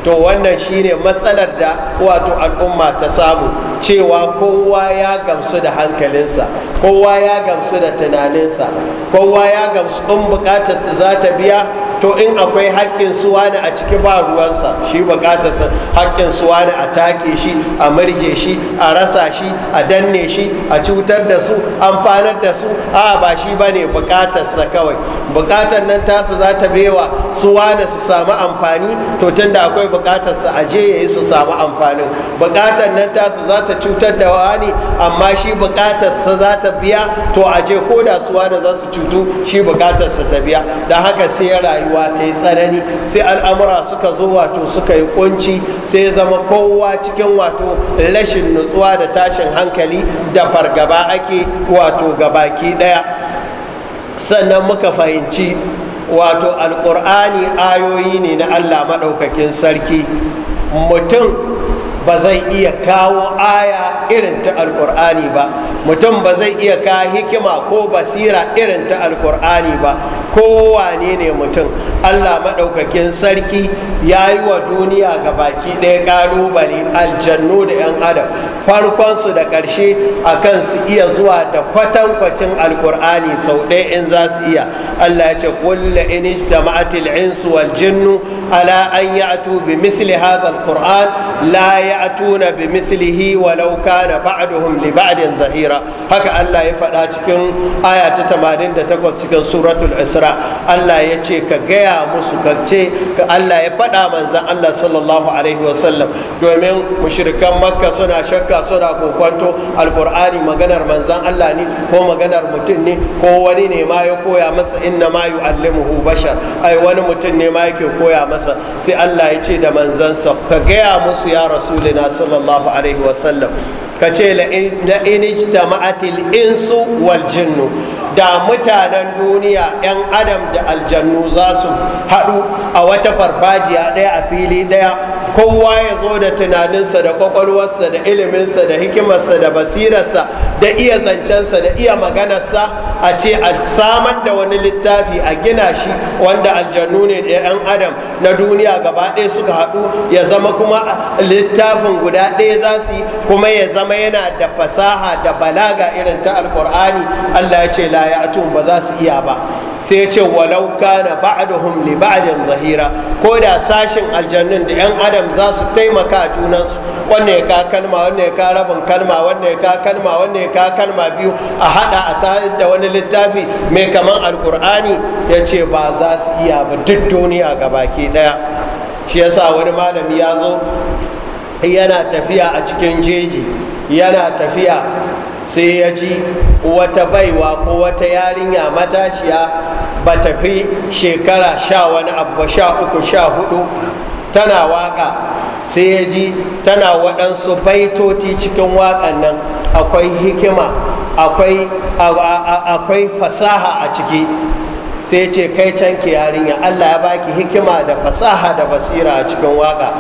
to wannan shine matsalar da wato al'umma ta samu cewa kowa ya gamsu da hankalinsa kowa ya gamsu da tunaninsa kowa ya gamsu in bukatarsa za ta biya to in akwai haƙƙin suwa ne a ciki ba ruwansa shi buƙatarsa haƙƙin suwa ne a take shi a murje shi a rasa shi a danne shi a cutar da su amfanar da su a ba shi ba ne buƙatarsa kawai buƙatar nan tasa za ta bewa suwa da su samu amfani to tun da akwai bukatarsa a je ya yi su samu amfanin buƙatar nan tasa za ta cutar da wani amma shi sa za ta biya to a je ko da suwa da za su cutu shi sa ta biya da haka sai ya rayuwa. rayuwa ta yi tsanani sai al'amura suka zo wato suka yi kunci sai zama kowa cikin wato rashin nutsuwa da tashin hankali da fargaba ake wato gabaki daya sannan muka fahimci wato alƙur'ani ayoyi ne na allah maɗaukakin sarki mutum ba zai iya kawo aya irin ta alkur'ani ba mutum ba zai iya ka hikima ko basira irin ta alkur'ani ba kowane ne mutum allah maɗaukakin sarki ya yi wa duniya ga baki ɗaya ƙalubale aljannu da 'yan adam farkonsu da ƙarshe a kan su iya zuwa da kwatankwacin alkur'ani sau ɗaya in za su iya allah ya ce kulle in ijtama'atil insu wal jinnu ala an ya'tu bi mithli hadha alquran la ya'tuna bi mithlihi walau kana ba'duhum li ba'din zahira haka Allah ya faɗa cikin aya ta 88 cikin suratul Isra Allah ya ce ka gaya musu ka ce Allah ya faɗa manzon Allah sallallahu alaihi sallam, domin mushrikan Makka suna shakka suna kokwanto alqur'ani maganar manzon Allah ne ko maganar mutum ne ko wani ne ma ya koya masa inna ma yu'allimuhu bashar ai wani mutum ne ma yake koya masa sai Allah ya ce da manzansa ka gaya musu ya rasul rasulina sallallahu alaihi wasallam ka ce la'in insu wal jinnu da mutanen duniya 'yan adam da aljannu za su haɗu a wata farfajiya ɗaya a fili ɗaya kowa ya zo da tunaninsa da kwakwalwarsa da iliminsa da hikimarsa da basirarsa da iya zancensa da iya maganarsa a ce a samar da wani littafi a gina shi wanda aljannu ne da 'yan adam na duniya gaba ɗaya suka haɗu ya zama kuma littafin guda ɗaya za su yi kuma ya zama yana da fasaha da balaga irin ta alkur'ani allah ya ce la ya ba za su iya ba sai ya ce walau kana ba'dahum li ba'din zahira ko da sashin aljannun da yan adam za su taimaka junansu wanne ya ka kalma wanne ya ka rabin kalma wanne ya ka kalma wanne ya ka kalma biyu a hada a tare da wani littafi mai kaman alkur'ani ya ce ba za su iya ba duk duniya gabaki daya shi yasa wani malami ya zo yana tafiya a cikin jeji yana tafiya sai ya ji wata baiwa ko wata yarinya matashiya ba fi shekara sha wani abu sha uku sha hudu tana waka sai ya ji tana waɗansu baitoti cikin waƙan nan akwai hikima akwai fasaha a ciki sai ce kai can ki yarinya allah ya baki hikima da fasaha da basira a cikin waka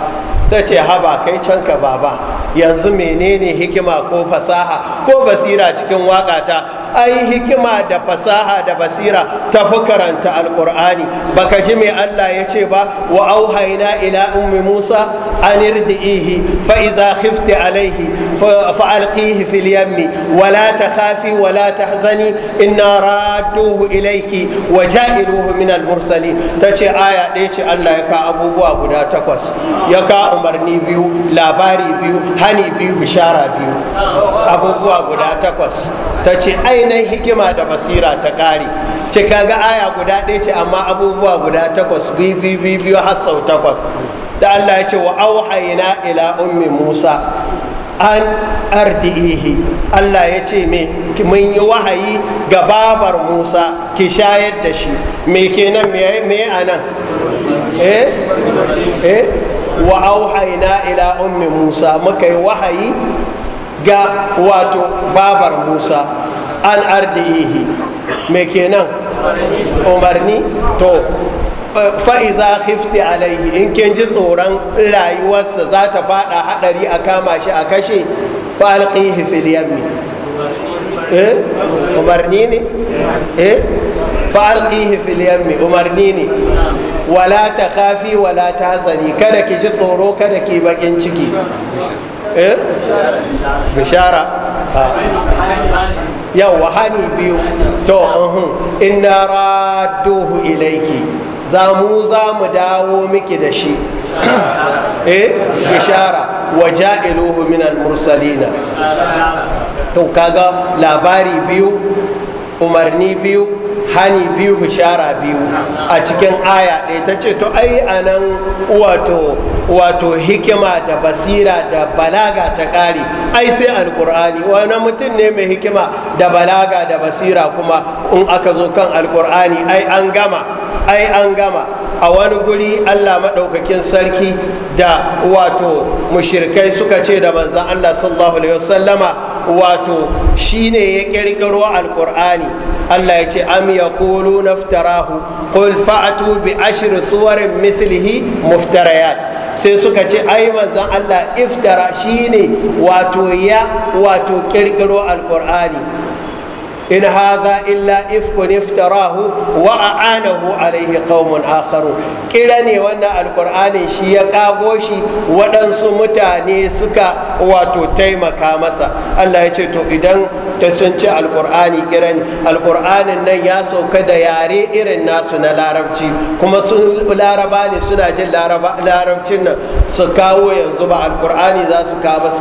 ta ce haba kai can ka baba yanzu menene hikima ko fasaha ko basira cikin waƙata? ai hikima da fasaha da basira ta fi karanta alkur'ani baka ji me Allah ya ce ba wa auhaina ila ummi Musa an irdihi fa iza khifti alaihi fa alqihi fil yammi wa la takhafi wa la tahzani inna radduhu ilayki wa ja'iluhu min al mursalin tace aya ɗaya ce Allah ya ka abubuwa guda takwas ya ka umarni biyu labari biyu hani biyu bishara biyu abubuwa guda takwas ta ce ainihin hikima da basira ta ƙari ce kaga aya guda ɗaya ce amma abubuwa guda takwas biyu biyu har sau takwas da allah ya ce wa auhaina ila ummi musa an ardihi Allah ya ce me mun yi wahayi ga babar Musa ki shayar da shi me kenan me a nan eh eh wa auhaina ila ummi musa muka yi wahayi ga wato babar musa an ardihi me kenan umarni to fa'iza hifti alaihi in kin ji tsoron rayuwarsa za ta fada haɗari a kama shi a kashe falƙihi fil eh? umarni ne eh falƙihi umarni ne wala ta kafi wala ta tsari, kada ki ji tsoro kada ki bakin ciki eh bishara yawwa hani biyu to inna raduhu ilaiki za mu za mu dawo miki da shi eh? bishara wa ja'iluhu min al-mursalina to kaga labari biyu umarni biyu hani biyu bishara biyu a cikin aya ɗaya ta ce to ai a nan wato hikima da basira da balaga ta ƙari ai sai alƙur'ani wani mutum ne mai hikima da balaga da basira kuma in aka zo kan alƙur'ani ai an gama ai an gama a wani guri allah maɗaukakin sarki da wato mushirkai suka ce da manzan allah sallallahu alaihi wasallama wato shine ya kirkiro alkur'ani Allah ya ce am yaqulu naftarahu qul fa'atu bi ashri suwarin mislihi muftarayat sai suka ce ai manzon Allah iftara shine wato ya wato kirkiro alkur'ani in hadha illa ifkun iftarahu wa a'anahu alaihi qaumun akharu kira ne wannan alqur'anin shi ya kabo shi waɗansu mutane suka wato taimaka masa Allah ya ce to idan ta sun ci alqur'ani kiran alqur'anin nan ya sauka da yare irin nasu na larabci kuma sun ne suna jin larabcin nan su kawo yanzu ba alqur'ani za su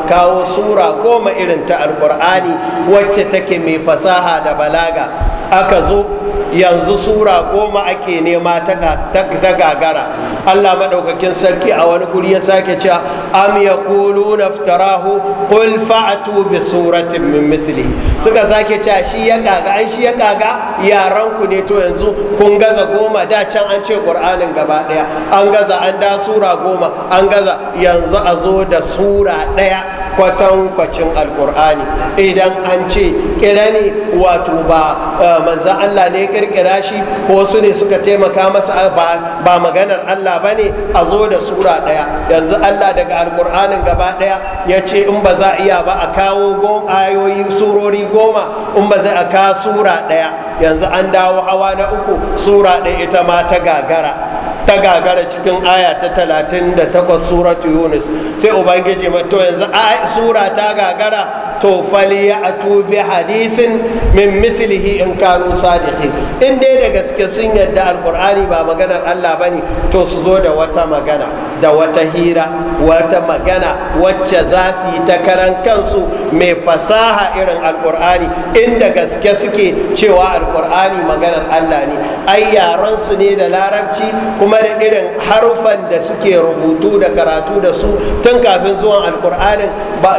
kawo sura goma irin ta alqur'ani wacce take mai fasaha da balaga aka zo yanzu sura goma ake nema ta gagara allah maɗaukakin sarki a wani guri ya sake cewa am ya kulu naftarahu qul fa'atu bi suratin min mithli suka sake cewa shi ya gaga an shi ya gaga yaran ku ne to yanzu kun gaza goma da can an ce qur'anin gaba ɗaya. an gaza an da sura goma an gaza yanzu a zo da sura ɗaya. Kwatan kwatankwacin alkur'ani idan an ce kira ne wato ba eh, manza allah ne kirkira shi ko su ne suka taimaka masa ba maganar allah ba ne a zo da sura ɗaya yanzu allah daga alkur'anin gaba ɗaya ya ce in ba za iya ba a kawo ayoyi surori goma in ba zai a ka sura ɗaya yanzu an dawo hawa na uku sura ɗaya ita ma ta gagara ta gagara cikin aya ta talatin da takwas suratu yunus sai ubangiji mato yanzu sura ta gagara to faliyatu bi hadisin min mislihi in kanu sadiqin in dai da gaske sun yadda alqur'ani ba maganar Allah bane to su zo da wata magana da wata hira wata magana wacce za su yi ta karan kansu mai fasaha irin alqur'ani inda gaske suke cewa alqur'ani maganar Allah ne ai yaran su ne da larabci kuma da irin harufan da suke rubutu da karatu da su tun kafin zuwan alqur'anin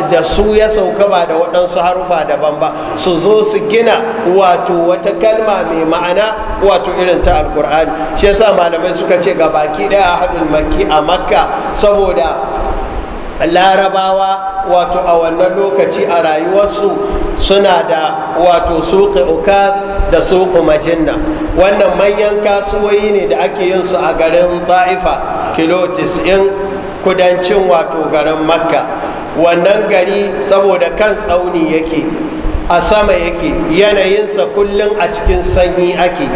da su ya sauka ba da da waɗansu harufa daban ba su zo su gina wato wata kalma mai ma'ana wato irin ta alkur'ani shi yasa malamai suka ce ga baki ɗaya haɗin maki a makka saboda larabawa wato a wannan lokaci a rayuwarsu suna da wato suƙi uka da suƙi majinna wannan manyan kasuwoyi ne da ake yin su a garin ta'ifa kilo 90 kudancin wato garin makka wannan gari saboda kan tsauni yake a sama yake yanayinsa kullum a cikin sanyi ake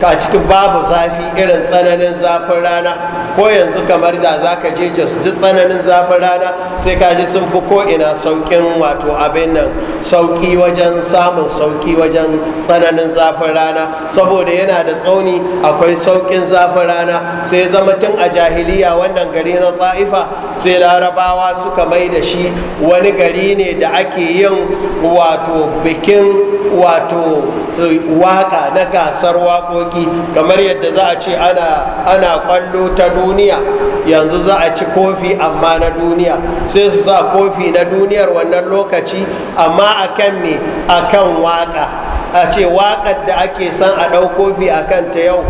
ka cikin babu zafi irin tsananin zafin rana ko yanzu kamar da za ka je jos ji tsananin zafin rana sai ka ji sun fi ko'ina sauƙin wato abin nan sauƙi wajen samun sauƙi wajen tsananin zafin rana saboda yana da tsauni akwai sauƙin zafin rana sai zama tun a jahiliya wannan gari na ta'ifa sai larabawa suka mai da shi wani gari ne da ake yin wato bikin wato eh, waka na gasar waƙoƙi sauki kamar yadda za a ce ana kwallo ta duniya yanzu za a ci kofi amma na duniya sai su sa kofi na duniyar wannan lokaci amma akan a akan waka a ce wakar da ake san a ɗau kofi a ta yau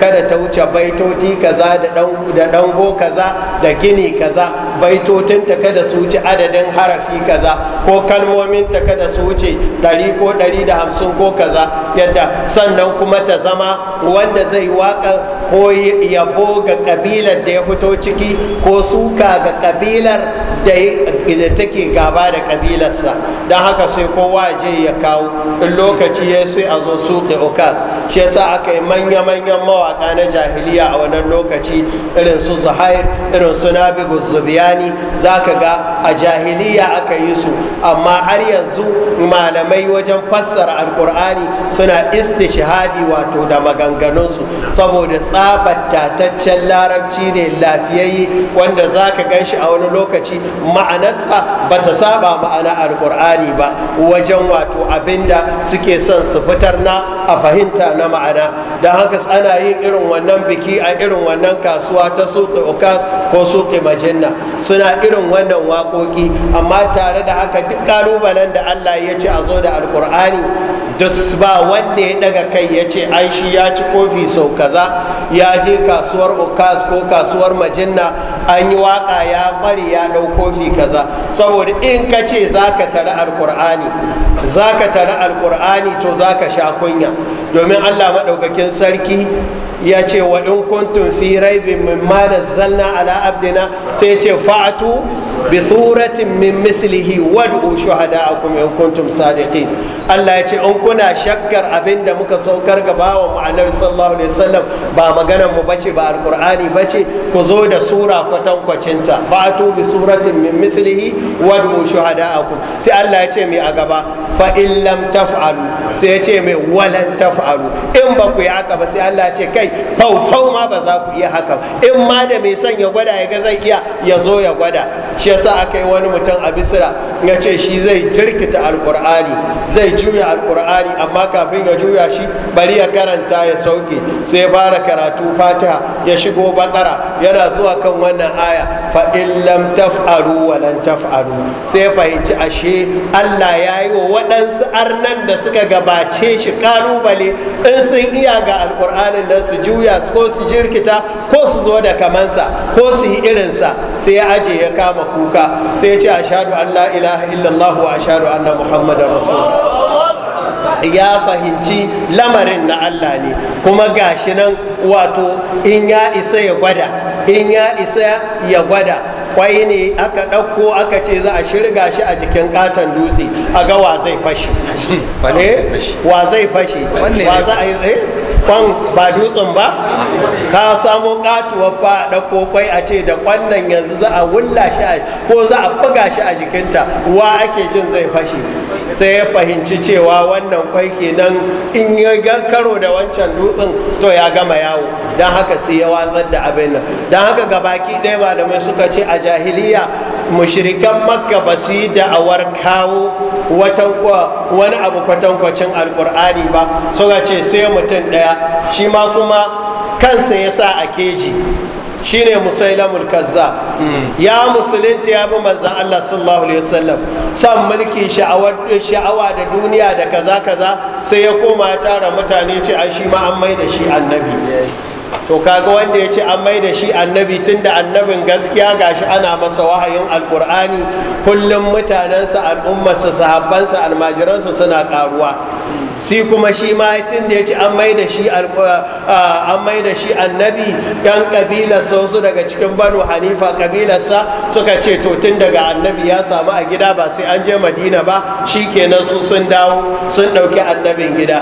kada ta wuce baitoti kaza da dango kaza da gini kaza baitotinta kada su wuce adadin harafi kaza ko kalmomin ta kada su wuce ɗari ko ɗari da hamsin ko kaza yadda sannan kuma ta zama wanda zai waka ko yabo ga kabilar da ya fito ciki ko suka ga kabilar da take gaba da kabilarsa don haka sai kowa je ya kawo in lokaci ya sai a zo suke okas shi yasa aka yi manya-manya manyan mawaka na jahiliya a wannan lokaci irin su zuhair irin su nabi guzubiyani za ka ga a jahiliya aka yi su amma har yanzu malamai wajen fassara alkur'ani suna istishhadi wato da maganganunsu saboda tsabar tataccen larabci ne lafiyayye wanda za ka gan shi a wani lokaci ma'anarsa ba ta saba ma'ana alkur'ani ba wajen wato abinda suke son su fitar na a fahimta na ma'ana don haka ana yin irin wannan biki a irin wannan kasuwa ta suke oka ko suke majinna suna irin wannan waƙoƙi amma tare da haka duk ƙalubalen da allah ya ce a zo da alƙur'ani duk ba wanda ya daga kai ya ce ai shi ya ci kofi sau kaza ya je kasuwar ukas ko kasuwar majinna an yi waka ya kware ya dau kofi kaza saboda in ka ce za ka tare alkur'ani za ka tare alkur'ani to za ka sha kunya domin allah maɗaukakin sarki Nabi ya ce wa in kuntum fi raibin mimma nazzalna ala abdina sai ce fa'atu bi suratin min mislihi wad'u shuhada'akum in kuntum sadiqin Allah ya ce in kuna shakkar abin da muka saukar ga bawa mu annabi sallallahu alaihi wasallam ba maganar mu bace ba alqur'ani bace ku zo da sura kwatankwacin sa fa'atu bi suratin min mislihi wad'u shuhada'akum sai Allah ya ce mai a gaba fa in lam taf'alu sai ya ce mai walan taf'alu in ba ku yi haka ba sai Allah ya ce kai fau fau ma ba za ku iya haka in ma da mai son ya gwada ya ga zai iya ya zo ya gwada shi yasa aka yi wani mutum a bisira ya ce shi zai jirkita alkur'ani zai juya alkur'ani amma kafin ya juya shi bari ya karanta ya sauke sai ya fara karatu fatiha ya shigo bakara yana zuwa kan wannan aya fa lam taf'alu wa lan taf'alu sai ya fahimci ashe Allah ya yi wa waɗansu arnan da suka gabace shi kalubale in sun iya ga alkur'anin nan su juya ko su jirkita ko su zo da kamansa ko su yi irinsa sai ya aje ya kama kuka sai ya ce ashadu an la illallahu a wa an na muhammadar ya fahimci lamarin na Allah ne kuma gashi nan wato in ya isa ya gwada in ya isa ya gwada kwai ne aka ɗauko aka ce za a shirga shi a jikin katon dutse a ga wa zai fashi eh? wa zai fashi wa za a yi eh? kwan ba dutsen ba ka samo katuwar fa da kokwai a ce da kwannan yanzu za a wulla shi ko za a buga shi a jikinta wa ake jin zai fashe sai ya fahimci cewa wannan kwai kenan in ya karo da wancan dutsen to ya gama yawo don haka sai ya watsar da abin nan don haka gabaki ɗaya malamai suka ce a jahiliya mushrikan makka ba su yi da'awar kawo wani abu kwatankwacin alkur'ani ba suka ce sai mutum ɗaya shi ma kuma kansa ya sa a keji shine musailamul kazza ya musulunta ya bi manzan Allah sallallahu alaihi wasallam san mulki sha'awa da duniya da kaza kaza sai ya koma ya tara mutane ce a shi ma an mai da shi annabi to kaga wanda ya ce an mai da shi annabi tunda annabin gaskiya gashi ana masa wahayin alkur'ani kullum mutanensa al'ummarsa sahabbansa almajiransa suna karuwa Si kuma shi ma tun da ya ci an mai da shi annabi yan kabilarsa wasu daga cikin banu hanifa kabilarsa suka ce to tun daga annabi ya samu a gida ba sai an je madina ba shi kenan su sun dawo sun ɗauki annabin gida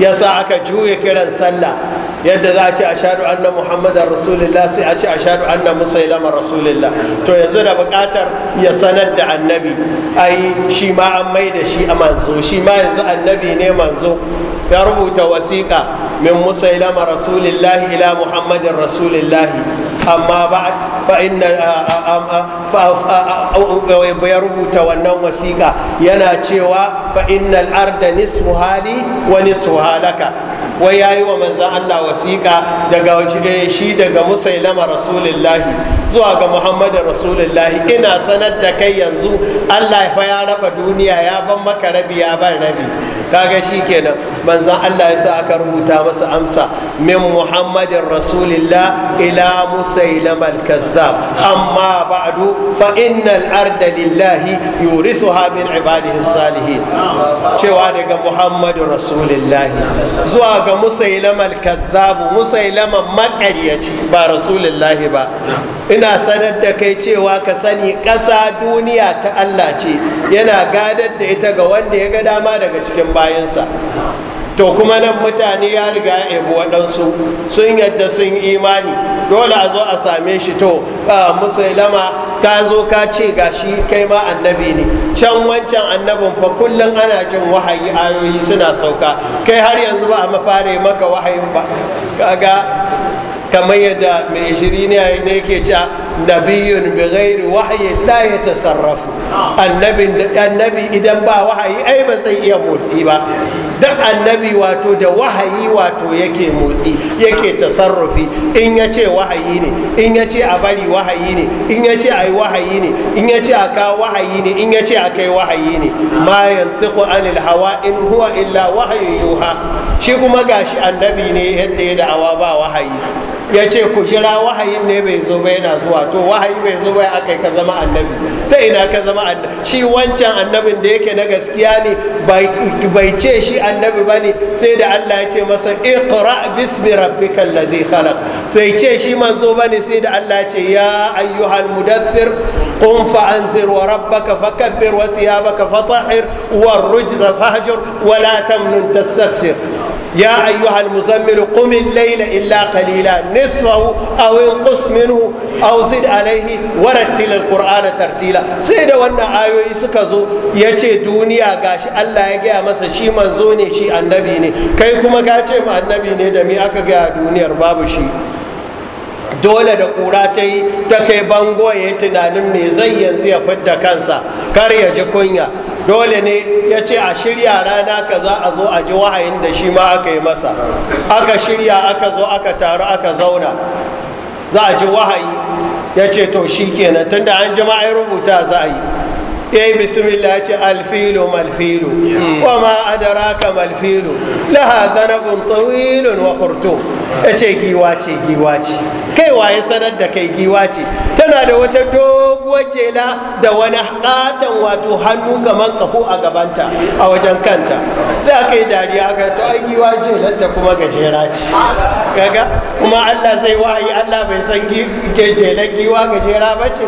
yasa aka juye kiran sallah yadda za a ci a anna muhammadan rasulillah sai a ce ashadu Musa musailama rasulillah to yanzu da bukatar ya sanar da annabi ai shi ma an mai da shi a manzo shi ma yanzu annabi ne manzo ya rubuta wasiƙa min musailama Rasulillah ila muhammadin Rasulillah. amma ba fa inna ya rubuta wannan wasiƙa yana cewa fa innal arda nisfu hali wa nisfu halaka wai yayi wa manzan Allah wasiƙa daga shi daga musailama rasulullahi zuwa ga muhammadin rasulullahi ina sanar da kai yanzu Allah fa ya raba duniya ya ban maka rabi ya ban rabi kaga shi kenan manzan Allah ya sa aka rubuta masa amsa min muhammadin rasulillah ila musa مسيلم الكذاب أما بعد فإن الأرض لله يورثها من عباده الصالحين شوانك محمد رسول الله زواج مسيلم الكذاب مسيلم مكريتي با رسول الله با إن sanar كي kai كسني كسا sani ƙasa duniya ينا قادت ce yana gadar da ita ga to kuma nan mutane ya riga ya waɗansu sun yadda sun imani dole a zo a same shi to musulama ta zo ka ce ga shi kai ma annabi ne can wancan annabin fa kullum ana jin wahayi ayoyi suna sauka kai har yanzu ba a mafare maka wahayin ba kaga kamar yadda mai shiri a ne yake cewa nabiyun bi ghairi wahyi la yatasarrafu annabi da annabi idan ba wahayi ai ba sai iya motsi ba dan annabi wato da wahayi wato yake motsi yake tasarrufi in ya ce wahayi ne in ya ce a bari wahayi ne in ya ce a yi wahayi ne in ya ce a kawo wahayi ne in ya ce a kai wahayi ne ma yantiqu anil hawa in huwa illa wahayin yuha shi kuma gashi annabi ne yadda ya da'awa ba wahayi ya ce ku jira wahayin ne bai zo ba yana zuwa to wahayi bai zo ba aka ka zama annabi ta ina ka zama annabi shi wancan annabin da yake na gaskiya ne bai ce shi annabi ba ne sai da Allah ya ce masa iqra bismi rabbikal ladhi khalaq sai ce shi manzo ba ne sai da Allah ya ce ya ayyuhal mudaththir قم فأنذر وربك فكبر وثيابك فطهر والرجز فهجر ولا تمنن تستكثر يا أيها المزمل قم الليل إلا قليلا نصفه او انقص منه او زد عليه ورتل القران ترتيلا سيدا وانا آيوي سكزو يچه دنيا غاش الله يجي مسا شي منزو ني شي النبي ني كي كما غاتي ما النبي ني دمي أكا غا دنيا باب شي dole da kura ta yi ta kai bango ya yi tunanin me zai yanzu ya fidda kansa kar ya ji kunya dole ne ya ce a shirya rana ka za a zo a ji wahayin da shi ma aka yi masa aka shirya aka zo aka taru aka zauna za a ji wahayi ya ce to shi kenan tunda an jima'ai rubuta za a yi ya yi bismillah ce alfilu malfilu wa ma adaraka malfilu laha zanabun tawilun wa furtu, ya ce giwa ce giwa ce kai waye sanar da kai giwa ce tana da wata doguwar jela da wani katon wato hannu kamar kafo a gabanta a wajen kanta sai aka yi dariya aka ta an giwa jelar ta kuma gajera ce kaga kuma allah zai wahayi allah bai san jelar giwa gajera ba ce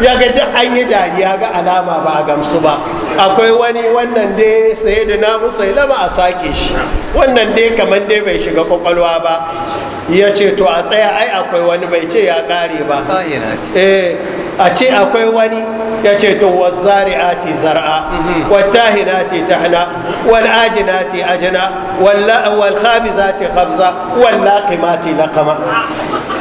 ya ga duk an yi dariya ga alama ba a gamsu ba akwai wani wannan dai saye da namu sai lama a sake shi wannan dai kamar dai bai shiga kwakwalwa ba ya ce to a tsaya ai akwai wani bai ce ya ƙare ba eh, a ce akwai wani ya ce to wazzari'ati zar'a mhm. wattahinati tahna wal ajinati ajna wal khabizati khabza wal laqimati laqama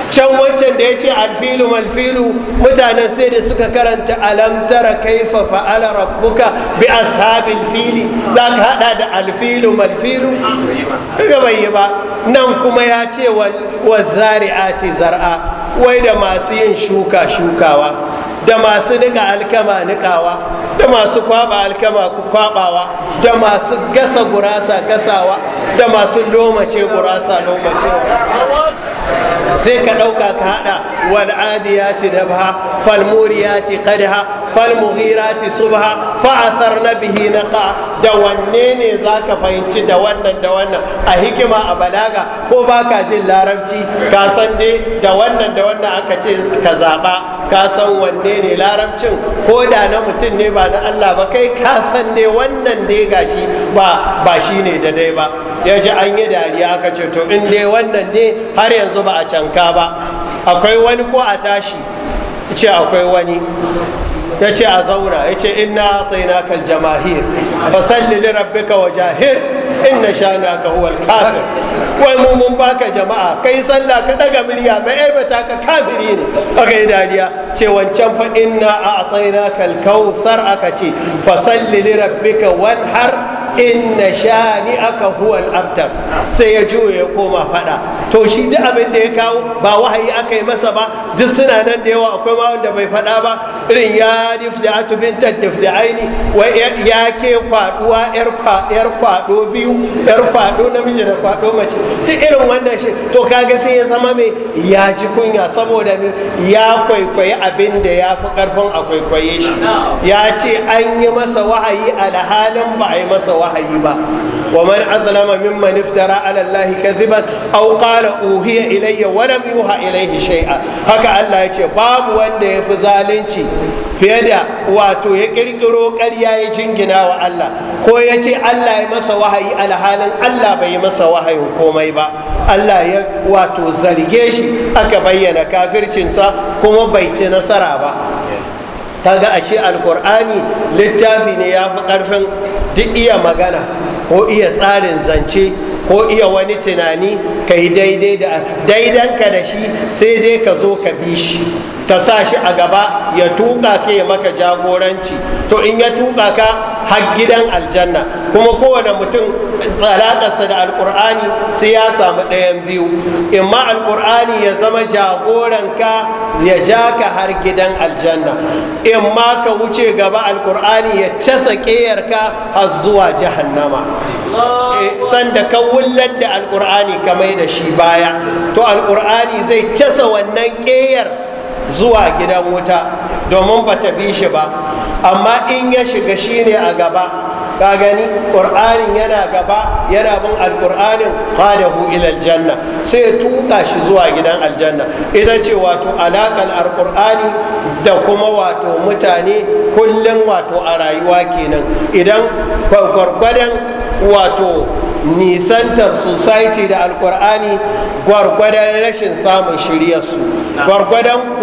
can wancan da ya ce alfilu malfilu mutanen sai da suka karanta alamtara kaifa fa'ala rabbuka bi ashabil fili za ka hada da alfilu malfilu daga bai yi ba nan kuma ya ce wal wazzari'ati zar'a wai da masu yin shuka shukawa da masu niƙa alkama niƙawa, da masu kwaba alkama kwabawa da masu gasa gurasa gasawa da masu lomace gurasa lomacewa sai ka ɗauka ka haɗa wal adiyati dabha fal muriyati qadha fal mughirati subha fa asarna bihi naqa da wanne ne zaka fahimci da wannan da wannan a hikima a balaga ko baka jin larabci ka san dai da wannan da wannan aka ce ka zaba ka san wanne ne larabcin ko da na mutum ne ba na Allah ba kai ka san dai wannan dai gashi ba ba shine da dai ba ya ji an yi dariya aka ce to in dai wannan ne har yanzu ba a canka ba akwai wani ko a tashi ya ce akwai wani ya ce a zauna ya ce inna tsina kal jamahir fasalli li rabbika wa jahir inna shana ka huwal kafir wai mu mun baka jama'a kai sallah ka daga miliya mai aibata ka kafiri ne aka yi dariya ce wancan fa inna a tsina kal kautsar aka ce fasalli li rabbika wanhar inna shani aka huwal abtar sai ya juya ya koma fada to shi duk abin da ya kawo ba wahayi aka yi masa ba duk suna nan da yawa akwai ma wanda bai fada ba irin ya difda atu bin tadif aini aini ya ke kwaduwa yar kwado biyu yar kwado namiji da kwado mace duk irin wannan shi to kaga sai ya zama mai ya ji kunya saboda ya kwaikwayi abin da ya fi karfin a kwaikwaye shi ya ce an yi masa wahayi alhalin ba a yi masa wahayi wahayi ba wa man azlama mimman iftara ala allahi kadhiban aw qala uhiya ilayya wa lam yuha ilayhi shay'a haka Allah yace babu wanda yafi zalunci fiye da wato ya kirkiro ƙarya ya jingina wa Allah ko ya ce Allah ya masa wahayi alhalin Allah bai masa wahayi komai ba Allah ya wato zarge shi aka bayyana kafircinsa kuma bai ci nasara ba kaga ashe alkur'ani littafi ne ya fi ƙarfin duk iya magana ko iya tsarin zance ko iya wani tunani ka yi daidai da daidanka da shi sai dai ka zo ka bi shi ka sa shi a gaba ya tuka ka maka jagoranci to in ya tuka ka har gidan aljanna kuma kowane mutum tsalakarsa da alkur'ani sai ya samu ɗayan biyu imma alkur'ani ya zama jagoranka ya ja ka har gidan aljanna imma ka wuce gaba alkur'ani ya casa ƙeyarka har zuwa jahannama eh, sanda ka wullar da alkur'ani ka mai da shi baya to Alƙur'ani zai casa wannan ƙeyar zuwa gidan wuta domin ba ta bi shi ba amma in ya shiga shine a gaba ka gani ƙur'anin yana gaba yana bin alƙur'anin qadahu ilal janna sai ya tuka shi zuwa gidan aljanna ita ce wato alaƙar alƙur'ani da kuma wato mutane kullum wato a rayuwa kenan idan kwarkwadon wato nisantar society da alkur'ani gwargwadon rashin samun shiryarsu gwargwadon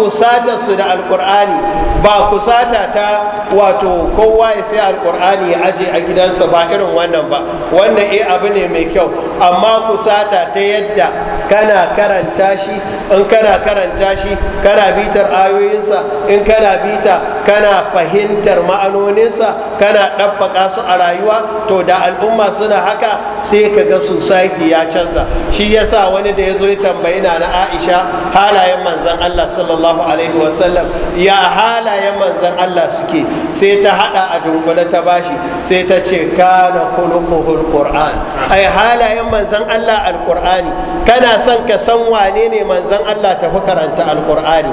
su da alkur'ani ba kusata ta wato kowa ya sai alkur'ani ya aje a gidansa ba irin wannan ba wannan eh abu ne mai kyau amma kusata ta yadda kana karanta shi in kana karanta shi kana bitar ayoyinsa in kana bita kana fahimtar ma'anoninsa kana ɗabbaka su a rayuwa to da al'umma suna haka sai ka ga society ya canza shi yasa wani da ya zo ya tambayi na na aisha halayen manzan allah sallallahu alaihi wasallam ya halayen manzan allah suke sai ta hada a dunkule ta bashi sai ta ce kana kulukuhul qur'an ai halayen manzan allah alqur'ani kana son ka san wane ne manzan allah tafi karanta alqur'ani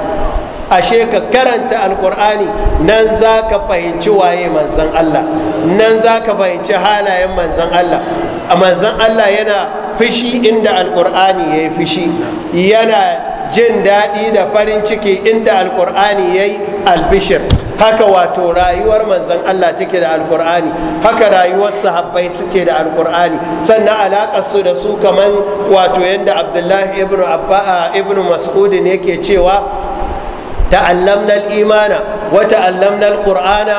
ashe ka karanta alkur'ani nan za ka fahimci waye manzan Allah nan za ka fahimci halayen manzan Allah a manzan Allah yana fishi inda alkur'ani ya yi fushi yana jin daɗi da farin ciki inda alkur'ani ya yi albishir haka wato rayuwar manzan Allah take da alkur'ani haka rayuwar sahabbai suke da alkur'ani sannan alaƙarsu da su kamar wato yadda abdullahi ibn mas'udin yake cewa ta'allamna al-imana wa ta'allamna al-qur'ana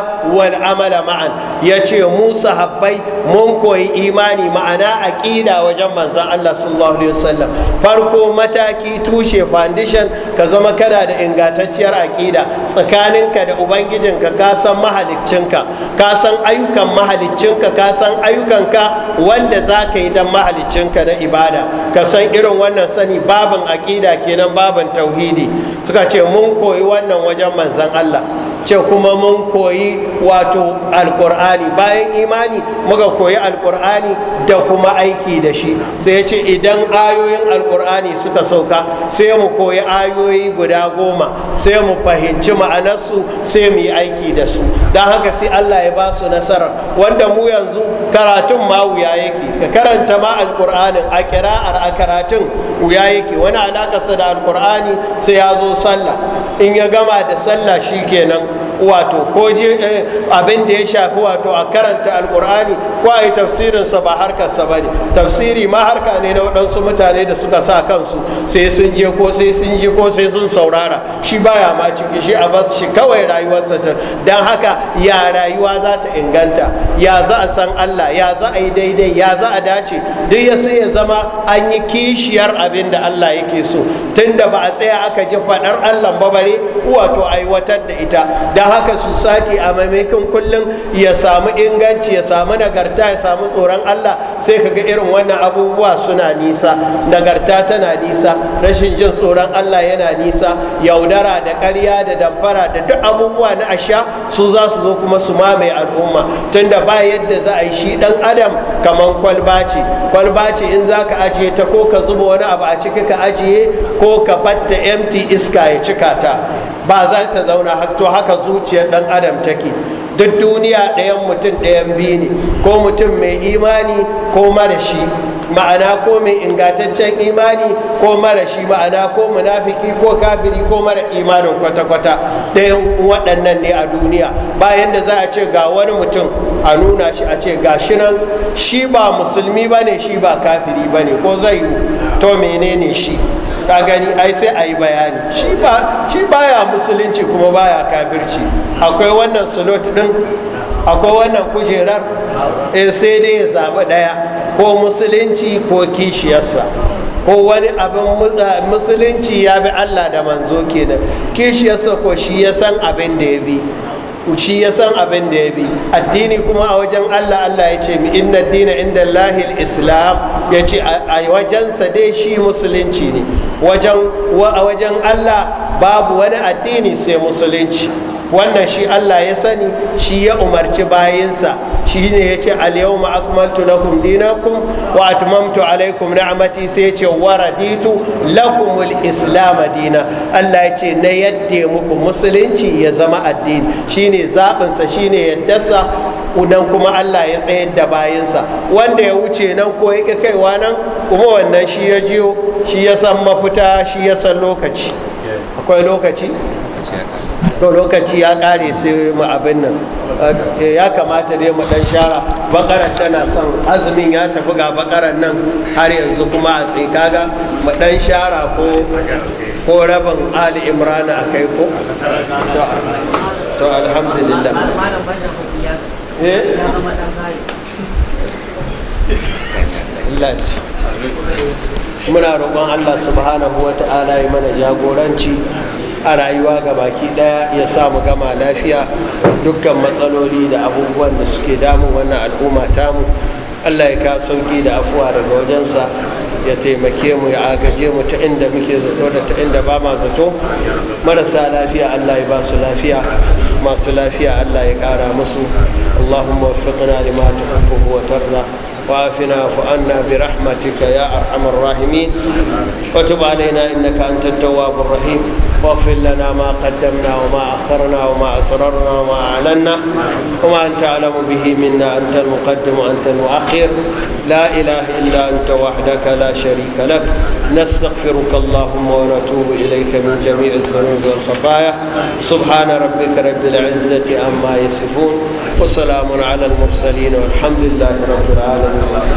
ma'an yace mu sahabbai mun koyi imani ma'ana aƙida wajen manzon Allah sallallahu alaihi wasallam farko mataki tushe foundation ka zama kana da ingantacciyar aqida tsakaninka da ubangijinka ka san mahaliccinka kasan ayyukan mahaliccinka kasan san ayyukanka wanda za ka yi dan mahaliccinka na ibada ka san irin wannan sani baban aƙida kenan babin tauhidi suka ce mun koyi wannan wajen manzan Allah ce kuma mun koyi wato alkur'ani bayan imani muka koyi alkur'ani da kuma aiki da shi sai ya ce idan ayoyin alkur'ani suka sauka sai mu koyi ayoyi guda goma sai mu fahimci ma'anarsu sai mu yi aiki da su don haka sai allah ya ba su nasarar wanda mu yanzu karatun ma wuya yake ka karanta ma alkur'anin a kira'ar a karatun wuya yake wani alakarsa da alkur'ani sai ya zo sallah in ya gama da sallah shi kenan wato ko je eh, abin da ya shafi wato a karanta alkur'ani ko a yi tafsirinsa ba harkarsa ba ne tafsiri ma harka ne na waɗansu mutane da suka sa kansu sai sun je ko sai sun je ko sai sun saurara shi baya ma ciki shi a bas shi kawai rayuwarsa ta don haka ya rayuwa za ta inganta ya za a san allah ya za a yi daidai ya za a dace duk ya sai ya zama an yi kishiyar abin da allah yake so tunda ba a tsaya aka ji faɗar allah ba bare wato aiwatar da ita da don haka su sati a maimakon kullum ya samu inganci ya samu nagarta ya samu tsoron allah sai ka ga irin wannan abubuwa suna nisa nagarta tana nisa rashin jin tsoron allah yana nisa yaudara da karya da damfara da duk abubuwa na asha su za su zo kuma su mamaye al'umma tunda ba yadda za a yi shi dan adam kaman kwalba ce kwalba ce in za ka ajiye ta ko ka zuba wani abu a ciki ka ajiye ko ka batta empty iska ya cika ta ba za ta zauna to haka zuciyar dan adam take duk duniya ɗayan mutum ɗayan biyu ne ko mutum mai imani ko mara shi ma'ana ko mai ingantaccen imani ko mara shi ma'ana ko munafiki ko kafiri ko mara imanin kwata-kwata ɗayan waɗannan ne a duniya bayan da za a ce ga wani mutum a nuna shi a ce ga shi nan shi ba musulmi ba ne shi ba kafiri ba ne ko zai yi to menene shi ka gani ai sai a yi bayani shi ba baya musulunci kuma baya kafirci akwai wannan sulot ɗin akwai wannan kujerar e sai dai ya zaɓi ɗaya ko musulunci ko kishiyarsa ko wani abin eh, musulunci ya bi allah da manzo kenan kishiyarsa ko shi ya san abin da ya bi shi ya san abin da ya bi addini kuma a wajen allah allah ya ce mi inna dina inda lahil islam ya ce a wajensa dai shi musulunci ne a wajen allah babu wani addini sai musulunci wannan shi Allah ya sani shi ya umarci bayinsa shi ne ya ce alyawma akmaltu lakum dinakum wa atmamtu alaikum ni'mati sai ya ce lakumul islam dina Allah ya ce na yadda muku musulunci ya zama addini shine zabinsa shine yaddarsa nan kuma Allah ya tsayar da bayinsa wanda ya wuce nan ko ya kaiwa nan kuma wannan shi ya jiyo shi ya san mafita shi ya san lokaci akwai lokaci to lokaci ya kare sai mu abin nan eh, ya kamata dai mu dan shara bakarar tana son azumin ya tafi ga bakarar nan har yanzu kuma a tsaye kaga mu dan shara ko ko rabin ali imrana a kai ko to alhamdulillah eh? muna roƙon allah subhanahu wa ta'ala ya mana jagoranci a rayuwa ga baki daya ya sa mu gama lafiya dukkan matsaloli da abubuwan da suke damun wannan al'umma tamu allah ya ka sauki da afuwa daga wajensa ya taimake mu ya agaje mu ta inda muke zato da ta inda ba ma zato marasa lafiya allah ya ba su lafiya masu lafiya allah ya kara musu allahumma wafiqna lima tuhibbu wa tarda وعافنا فأنا برحمتك يا أرحم الراحمين وتب علينا إنك أنت التواب الرحيم واغفر لنا ما قدمنا وما أخرنا وما أسررنا وما أعلنا وما أنت أعلم به منا أنت المقدم وأنت المؤخر لا إله إلا أنت وحدك لا شريك لك نستغفرك اللهم ونتوب إليك من جميع الذنوب والخطايا سبحان ربك رب العزة عما يصفون وسلام على المرسلين والحمد لله رب العالمين